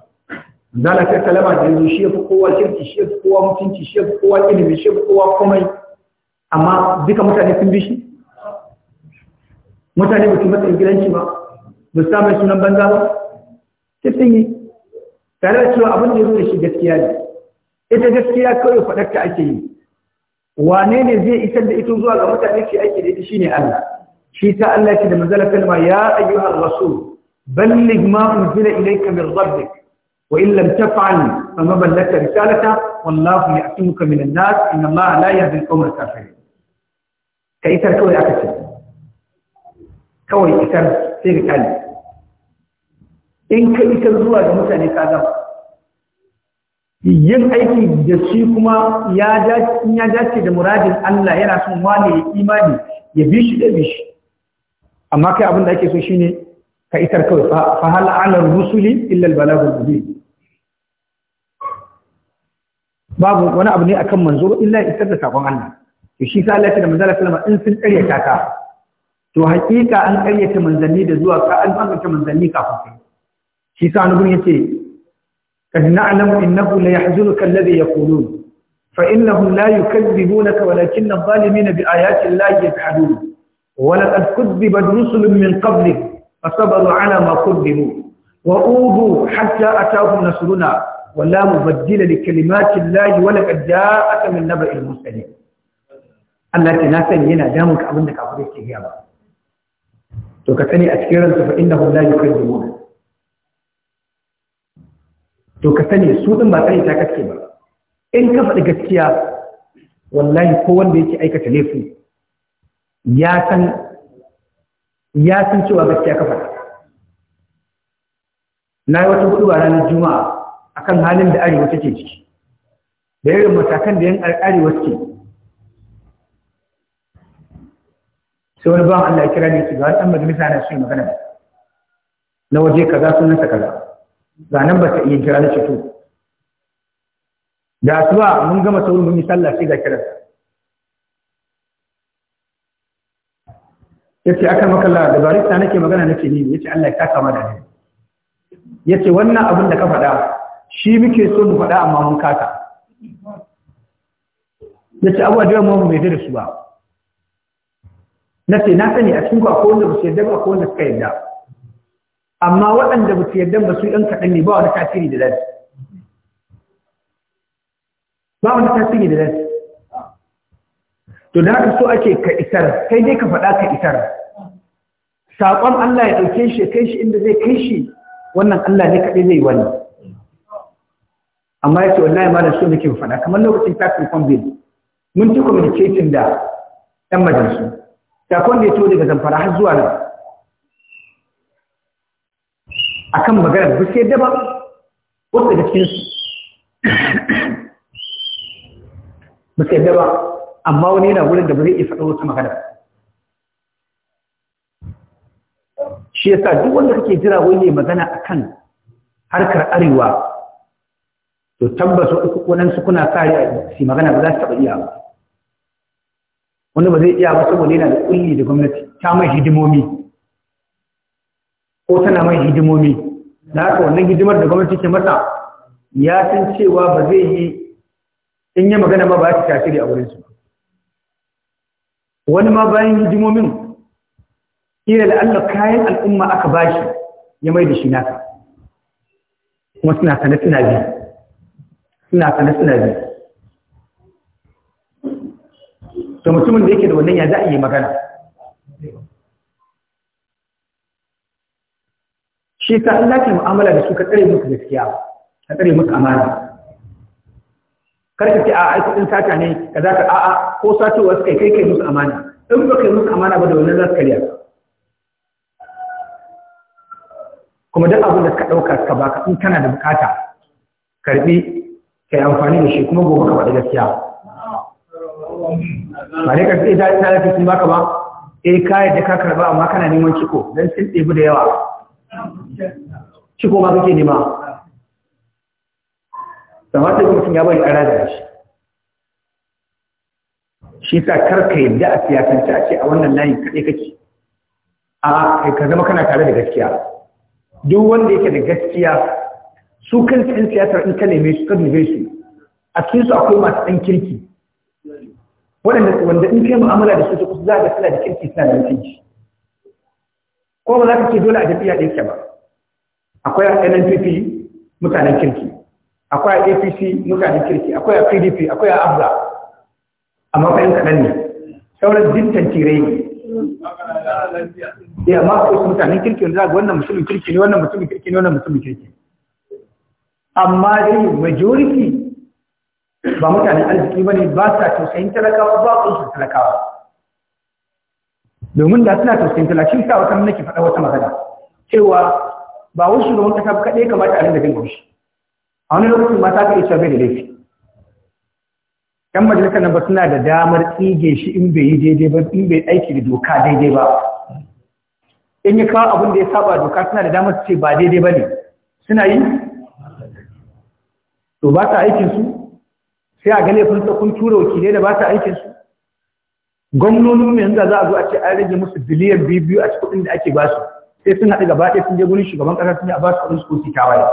zala ta kalama da yanzu shi yafi kowa kirki shi yafi kowa mutunci shi yafi kowa ilimi shi yafi kowa komai amma duka mutane sun bi shi mutane ba su masa ingilanci ba ba su samun sunan banza ba sai yi tare da cewa abin da ya zo da shi gaskiya ne ita gaskiya kawai faɗar ta ake yi wane ne zai isar da ita zuwa ga mutane shi ake da ita shine Allah shi ta Allah ce da manzala kalma ya ayyuha rasul balligh ma unzila ilayka min rabbik wa in lam taf'al fa ma ballagta risalata wallahu ya'timuka min an-nas inna ma la yahdi al-qawma al-kafirin kai tar kawai aka ce kawai itar sai ka in ka itar zuwa da mutane ka zama yin aiki da shi kuma ya dace da muradin Allah yana son wane ya imani ya bi shi da bi shi amma kai abin da ake so ne ka itar kawai fa hal ala rusuli illa balagul mubin babu wani abu ne akan manzo illa isar da sakon Allah to shi sa Allah ya ce da manzo Allah in sun ta ka to haƙiƙa an karyata manzanni da zuwa ka an ƙaryata manzanni kafin kai shi sa wani gurin yace kad na'lamu innahu la yahzunuka alladhi yaqulun fa innahum la yukadzibunaka walakinna adh-dhalimina bi ayati allahi yajhadun wa laqad kuzzibat rusulun min qablik fasabaru ala ma kuzzibu wa udu hatta atahum nasruna wa la mubaddila li kalimati allahi wa laqad ja'aka min naba'il mursalin Allah ta na sani yana damun ka da kafirai ke gaya ba to ka sani a cikin ransu fa innahum la yukadzibuna to ka sani su din ba sani ta kake ba in ka faɗi gaskiya wallahi ko wanda yake aikata laifi ya san ya san cewa gaskiya ka faɗa na yi wata hudu ranar juma'a akan halin da arewa take ciki da irin matakan da yan arewa suke sai wani bawan Allah ya kira ne ce ga wani ɗan majalisa na shi magana na waje kaza sunan ta kaza ga nan ba ta iya jira na to da asuba mun gama sauri mun yi sallah sai ga kira yace akan makalla da barista nake magana nake ni yace Allah ya kaka mana ne yace wannan abin da ka faɗa shi muke so mu faɗa amma mun kaka yace abuwa da mu mai da su ba na ce na sani a cikin ku akwai wanda ba su yarda ba akwai wanda suka yadda. amma waɗanda ba su yarda ba su ɗan kaɗan ne ba wani tasiri da dace ba wani tasiri da dace to da haka so ake ka isar kai dai ka faɗa ka isar saƙon Allah ya ɗauke shi kai shi inda zai kai shi wannan Allah ne kaɗai zai wani amma ya ce wallahi ma da so nake faɗa kamar lokacin takin kwambil mun ci communicating da ɗan majalisu sakon da ya ciwo daga zamfara har zuwa nan a kan maganar ba sai daba wasu daga cikinsu ba sai daba amma wani yana wurin da ba zai iya faɗa wata magana shi yasa duk wanda kake jira wai ne magana akan harkar arewa to tabbas wasu kunan su kuna kare su magana ba za su taɓa iya ba wanda ba zai iya ba saboda yana da kulli da gwamnati ta mai hidimomi ko tana mai hidimomi da haka wannan hidimar da gwamnati ke masa ya san cewa ba zai yi in yi magana ma ba ta tasiri a wurinsu wani ma bayan hidimomin da la'alla kayan al'umma aka ba shi ya mai da shi naka kuma suna sana suna biyu, suna sane suna biyu. to mutumin da yake da wannan ya za a yi magana shi ta Allah ke mu'amala da su ka tsare musu gaskiya ka tsare musu amana karka ce a aiki din sata ne ka za ka a'a ko satowa wasu kai kai musu amana in ba kai musu amana ba da wannan za su karya kuma duk abin da ka ɗauka ka baka in kana da bukata karbi kai amfani da shi kuma gobe ka faɗi gaskiya ba dai karfi ta ta lafi sun baka ba eh ka yadda ka karba amma kana neman ciko dan sun ɗebi da yawa ciko ma kake nema amma sai kin ya bai ƙara da shi shi sa karka yadda a siyasance a ce a wannan layin kaɗai kake a ka zama kana tare da gaskiya duk wanda yake da gaskiya su kan yan siyasar in ka neme su ka dube su a cikin su akwai masu ɗan kirki wanda in kai mu'amala da su ta za ka suna da kirki suna da mutunci ko ba za ka ce dole a jafiya da yake ba akwai a NNPP mutanen kirki akwai a APC mutanen kirki akwai a PDP akwai a ABSA amma fa yan kaɗan ne sauran dintan tirai ne ya eh, ma ko su mutanen kirki wanda za ga wannan mutumin kirki ne wannan mutumin kirki ne wannan mutumin kirki amma dai majority ba mutane arziki ba ne ba sa tausayin talakawa ba ƙunshi talakawa domin da suna tausayin talakawa shi sa wata nake faɗa wata magana cewa ba wani shugaban kasa kaɗai kamata a rinda bin gaushi a wani lokacin ba ta yi shabe da laifi yan majalisar nan ba suna da damar tsige shi in bai yi daidai ba in bai aiki da doka daidai ba in ya kawo abin da ya saba doka suna da damar su ce ba daidai ba ne suna yi to ba ta aikinsu sai a gane kun kun tura wakilai da ba ta aikin su gwamnonin mu yanzu za a zo a ce an rage musu biliyan biyu biyu a cikin da ake ba su sai sun haɗu gaba ɗaya sun je gurin shugaban ƙasa sun yi a ba su abin su ko tawaye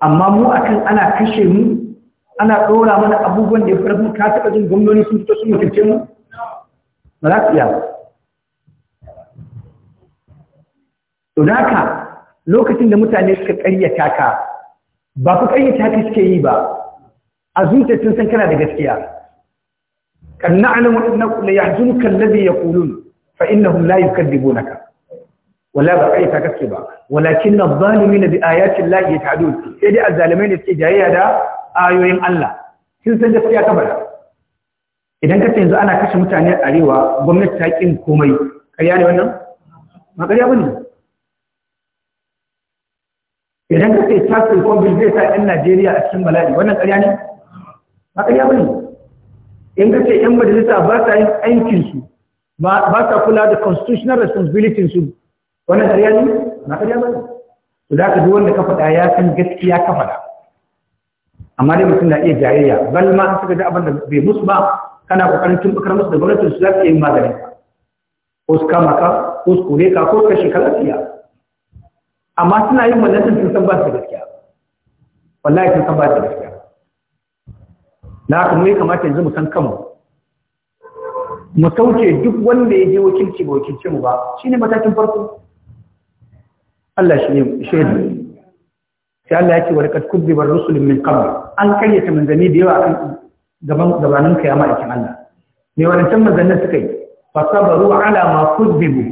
amma mu akan ana kashe mu ana ɗora mana abubuwan da ya fara ka taɓa jin gwamnoni sun fito sun mutunce mu ba za su iya to da haka lokacin da mutane suka ƙaryata ka ba ku ƙaryata ka suke yi ba a zuciyar sun san kana da gaskiya kan na'lamu annahu la yahzunuka alladhi yaqulun fa innahum la yukadibunaka wala ba kai ta kaske ba walakin adh-dhalimina bi ayati llahi yata'adun sai dai azzalimai ne suke jayayya da ayoyin Allah sun san gaskiya kamar idan ka yanzu ana kashe mutane a arewa gwamnati ta kin komai ƙarya ne wannan ba ƙarya bane idan ka ce tasin kwambil zai sa 'yan Najeriya a cikin bala'i wannan karya ne ba ƙarya ba ne in ka ce 'yan majalisa ba sa yin aikinsu ba sa kula da constitutional responsibility su wannan ƙarya ne na ƙarya ba ne to da ka duk wanda ka faɗa ya san gaskiya ka faɗa amma dai mutum na iya jayayya bal ma suka ji abin da bai musu ba kana kokarin tumbukar musu da gwamnatin su za su yi magani ko su kama ka ko su kore ka ko kashe ka lafiya amma suna yin wannan sun san ba su gaskiya wallahi sun san ba su gaskiya na haka mu ya kamata yanzu mu san kanmu mu sauke duk wanda ya je wakilci ba wakilci mu ba shine matakin farko Allah shi ne shaidu sai Allah ya ce wa laqad kuziba rusulun min qabl an ta manzanni da yawa akan gaban gabanin kiyama a cikin Allah ne wannan manzannin suka yi sabaru ala ma kuzibu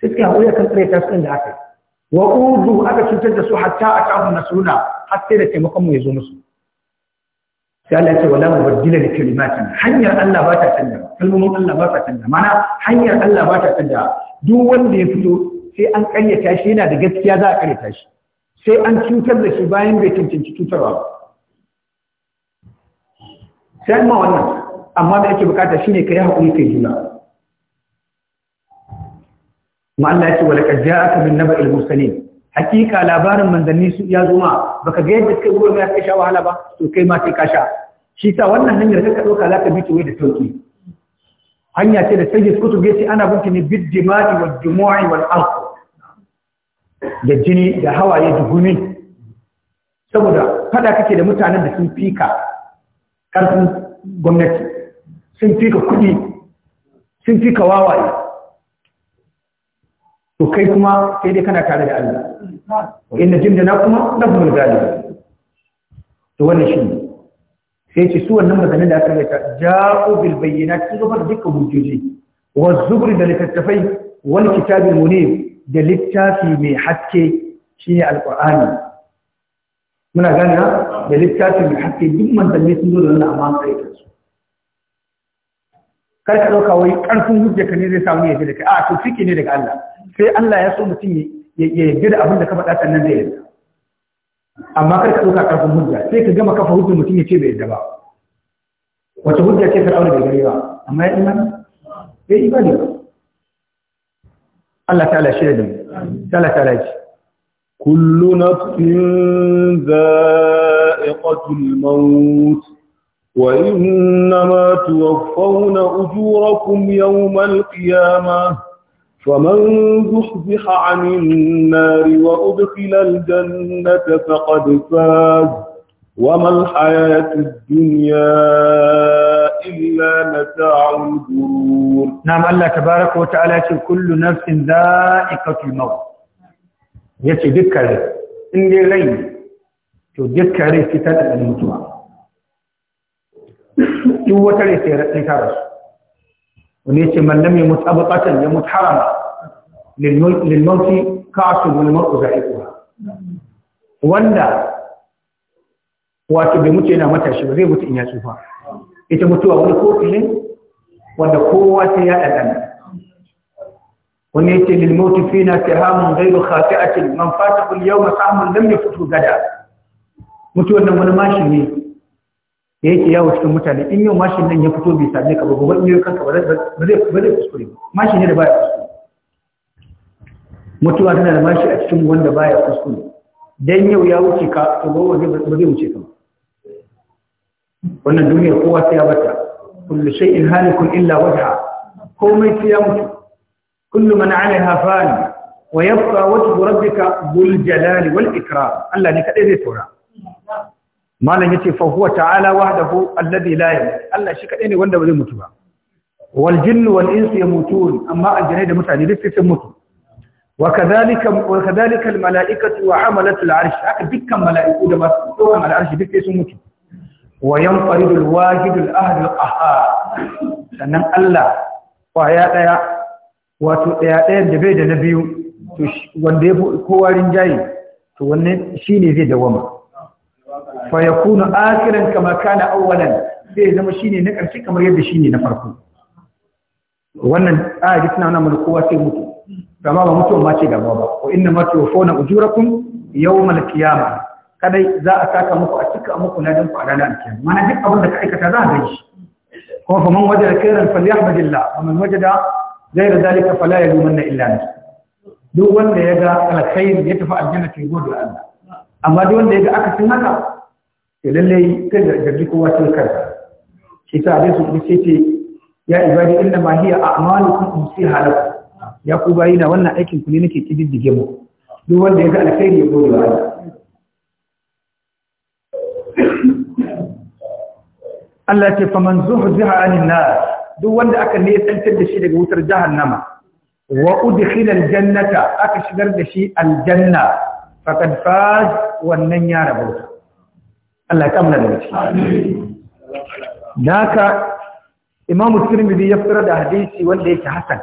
sai suka hauri akan karyata su da aka wa udu aka cutar da su hatta a kawo nasuna har sai da taimakon mu ya zo musu sai Allah ce wala mubaddila li kalimatin hanyar Allah ba ta canja kalmomin Allah ba ta canja mana hanyar Allah ba ta canja duk wanda ya fito sai an karyata shi yana da gaskiya za a karyata shi sai an cutar da shi bayan bai cancanci cutarwa ba sai ma wannan amma da yake bukata shine kai hakuri kai juna ma Allah ya ce wala kad ja'aka min naba'il mursalin hakika labarin manzanni su ya zuma baka ga yadda kai goma ya kai sha wahala ba to kai ma sai ka sha shi sa wannan hanyar ka ɗauka zaka bi da sauki hanya ce da sayyid kutub ya ce ana binta ne bid dima'i wal jumu'i wal arq da jini da hawaye da gumi saboda fada kake da mutanen da sun fika karfin gwamnati sun fika kuɗi sun fika wawaye to kai kuma sai dai kana tare da Allah wa inna na kuma na kuma galiba to wannan shi sai ce su wannan mazanin da aka rika ja'u bil bayyinat sun gaba dukkan hujjoji wa zubr da littattafai wani al munir da littafi mai haske shine alqur'ani muna gane da littafi mai haske duk manzanni sun zo da wannan amma sai ka kar ka dauka wai karfin hujja ka ne zai samu ya da kai a to fiki ne daga Allah sai Allah ya so mutum ya da abin da ka faɗa sannan zai yarda amma kar ka ɗauka karfin hujja sai ka gama kafa hujjar mutum ya ce bai yarda ba wata hujja ce fir'auna bai gari ba amma ya imani bai yi ba Allah ta'ala shi da mu ta'ala ta'ala ji kullu nafsin za'iqatul maut wa innama tuwaffawna ujurakum yawmal qiyamah فمن زحزح عن النار وأدخل الجنة فقد فاز وما الحياة الدنيا إلا متاع الغرور نعم الله تبارك وتعالى كل نفس ذائقة الموت yace dukkan in لي rai to dukkan rai fitar da mutuwa wanda yace man lam yamut abqatan yamut harama lil mauti ka'su wal mar'u za'iquha wanda wato bai mutu yana matashi ba zai mutu in ya tsufa ita mutuwa wani kofi ne wanda kowa sai ya ɗanɗana wani ya ce lilmauti fina tihamun gairu khafi'atin man fata kul yau masamun lam ya fito gada mutuwan nan wani mashi ne da yake yawo cikin mutane in yau mashin nan ya fito bai same ka ba gobe in yau kanka ba zai kuskure ba mashin ne da baya kuskure mutuwa tana da mashi a cikin wanda baya kuskure dan yau ya wuce ka to gobe ba zai wuce ka wannan duniyar kowa sai ya bata kullu shay'in halikun illa wajha komai sai ya mutu kullu man 'alayha fan wa yabqa wajhu rabbika dhul jalali wal ikram Allah ne kadai zai tura. malam yace fa huwa ta'ala wahdahu alladhi la yamut Allah shi kadai ne wanda ba zai mutu ba wal jinnu wal insu yamutun amma aljinai da mutane duk sun mutu wa kadhalika wa kadhalika al mala'ikatu wa hamalatul arsh haka dukkan mala'iku da masu dokan al arsh duk sun mutu wa yanfaridu al wahid al ahad al qahhar sannan Allah kwaya daya wato daya dayan da bai da na biyu to wanda ya kowa rinjaye to wannan shine zai dawama fa yakunu akhiran kama kana awwalan zai zama shine na karshe kamar yadda ne na farko wannan ayati suna nuna mana kowa sai mutu amma ba mutuwa ma ce gaba ba ko inna ma tuwafawna ujurakum yawmal qiyamah kadai za a saka muku a cika muku ladan ku a ranar kiyama mana duk abin da ka aikata za a gani kuma fa man wajada khairan falyahmadillah wa man wajada ghayra dhalika fala yalumanna illa nafsuhu duk wanda ya ga alkhairi ya tafi aljanna ta gode Allah amma duk wanda ya ga aka cin haka lallai ta da kowa sai kansa shi ta abin sun ce ce ya ibadi inna ma hiya a'malukum usiha lakum ya ku bayi na wannan aikin ku ne nake kididdige mu duk wanda ya ga alkhairi ya gode wa Allah Allah ce faman zuhziha anin nar duk wanda aka ne tsantar da shi daga wutar jahannama wa udkhila aljannata aka shigar da shi aljanna faqad faz wannan ya rabu Allah ya kamna da ciki da imamu tirmidhi ya fitar da hadisi wanda yake hasan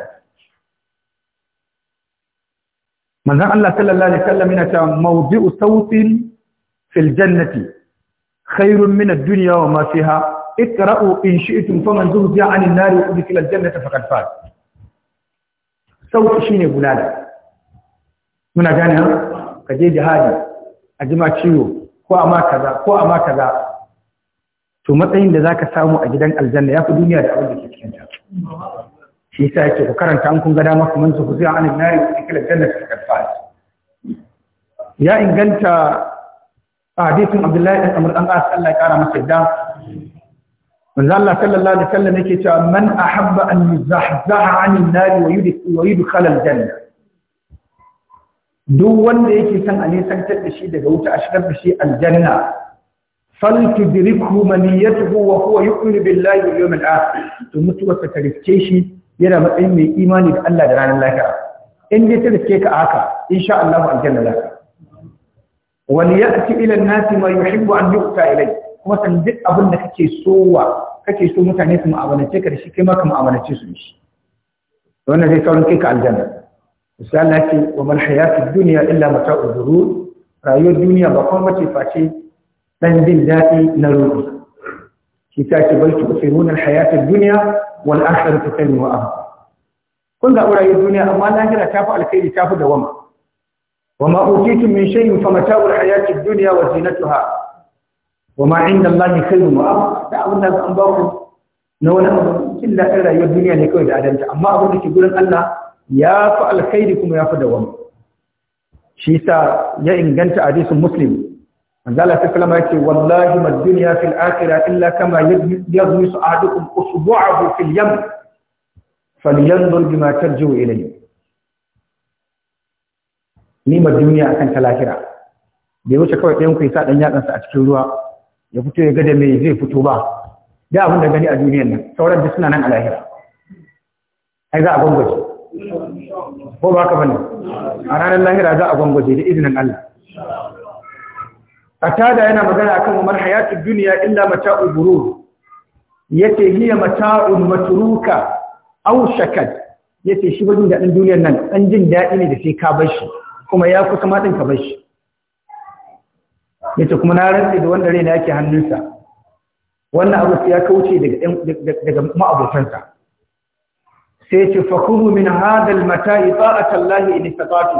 manzon Allah sallallahu alaihi wasallam yana cewa mawdi'u sautin fil jannati khairun min ad-dunya wa ma fiha iqra'u in shi'tum faman zuhziya 'anil nari wa al-jannata faqad faz sauti shine gulala. muna gane ha kaje jihadi ajima ciwo ko amma kaza ko amma kaza to matsayin da zaka samu a gidan aljanna yafi duniya da abin da ke cikin ta shi yasa yake ku karanta an kun ga dama ku mun su ku sai an nari ku cikin aljanna ta karfa ya inganta hadisin Abdullahi ibn Amr dan As Allah ya kara masa yadda manzo Allah sallallahu alaihi wasallam yake cewa man ahabba an yuzahzaha 'anil nari wa yudkhala al duk wanda yake son a nisantar da shi daga wuta a shigar da shi aljanna faltudrikhu maniyatuhu wa huwa yu'minu billahi wal yawmil akhir to mutuwa ta riske shi yana matsayin mai imani da Allah da ranar lafiya in dai ta riske ka haka insha Allah aljanna laka wal ya'ti ila an-nas ma yuhibbu an yu'ta ilayhi kuma san duk abin da kake sowa kake so mutane su mu'amalance ka da shi kai ma ka mu'amalance su da shi wannan zai saurin kai ka aljanna misali ce wa man hayatud duniya illa mata ghurur rayuwar duniya ba kuma mace face dan jin daɗi na ruɗi shi ta ce bal tu'thirun al-hayatad dunya wal akhiratu kai wa abqa kun ga rayuwar duniya amma lahira ta fi alkhairi ta fi dawama wa ma utitum min shay'in fa mata'ul hayatid dunya wa zinatuha wa ma 'inda Allahi khayrun wa abqa da abin da an ba ku na wani abu illa rayuwar duniya ne kawai da adanta amma abin da ke gurin Allah ya fi alkhairi kuma ya fi wani shi sa ya inganta adisun muslim manzala ta kalama yake wallahi mad fi fil illa kama yadmisu ahadukum usbu'ahu fil yam falyanzur bima tarji'u ilayhi ni ma duniya akan talakira bai wuce kawai ɗayan ku yasa dan a cikin ruwa ya fito ya ga da zai fito ba da abin da gani a duniyar nan sauran duk suna nan a lahira ai za a gwangwaje ko ba ka bane a ranar lahira za a gwangwaje da izinin Allah atada yana magana akan umar hayatu duniya illa mata'u ghurur yace hiya mata'u matruka aw shakat yace shi bajin dadin duniyar nan dan jin dadi ne da sai ka bar shi kuma ya kusa ma din ka bar shi yace kuma na rantsi da wanda raina yake hannunsa wannan abu ya kauce daga daga ma'abotansa sai ce fakuru min hadal mata'i ta'atan lahi in istata'tu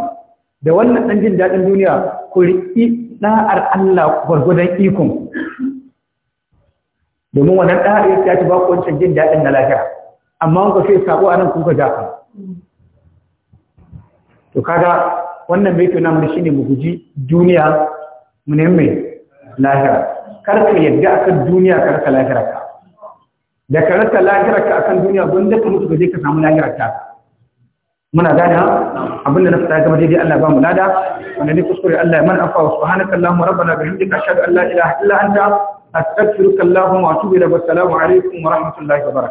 da wannan dan jin dadin duniya ku riki da'ar Allah gurgudan ikon domin wannan da'ar ya ci ba ku wancan jin dadin na lafiya amma ku sai sabo anan kun ka jafa to kaga wannan mai tunan mun shine mu guji duniya mu nemi lahira ka yadda akan duniya karka lahira ka da ka rasa lahirar ka akan duniya gwanda ka mutu gaje ka samu lahirar ta muna gane abinda na fita gaba daidai Allah ba mu lada wanda ne kuskure Allah ya manafa wa subhanaka allahumma rabbana hamdika ashhadu an la ilaha illa anta astaghfiruka allahumma wa atubu ilaik wa assalamu alaikum wa rahmatullahi wa barakatuh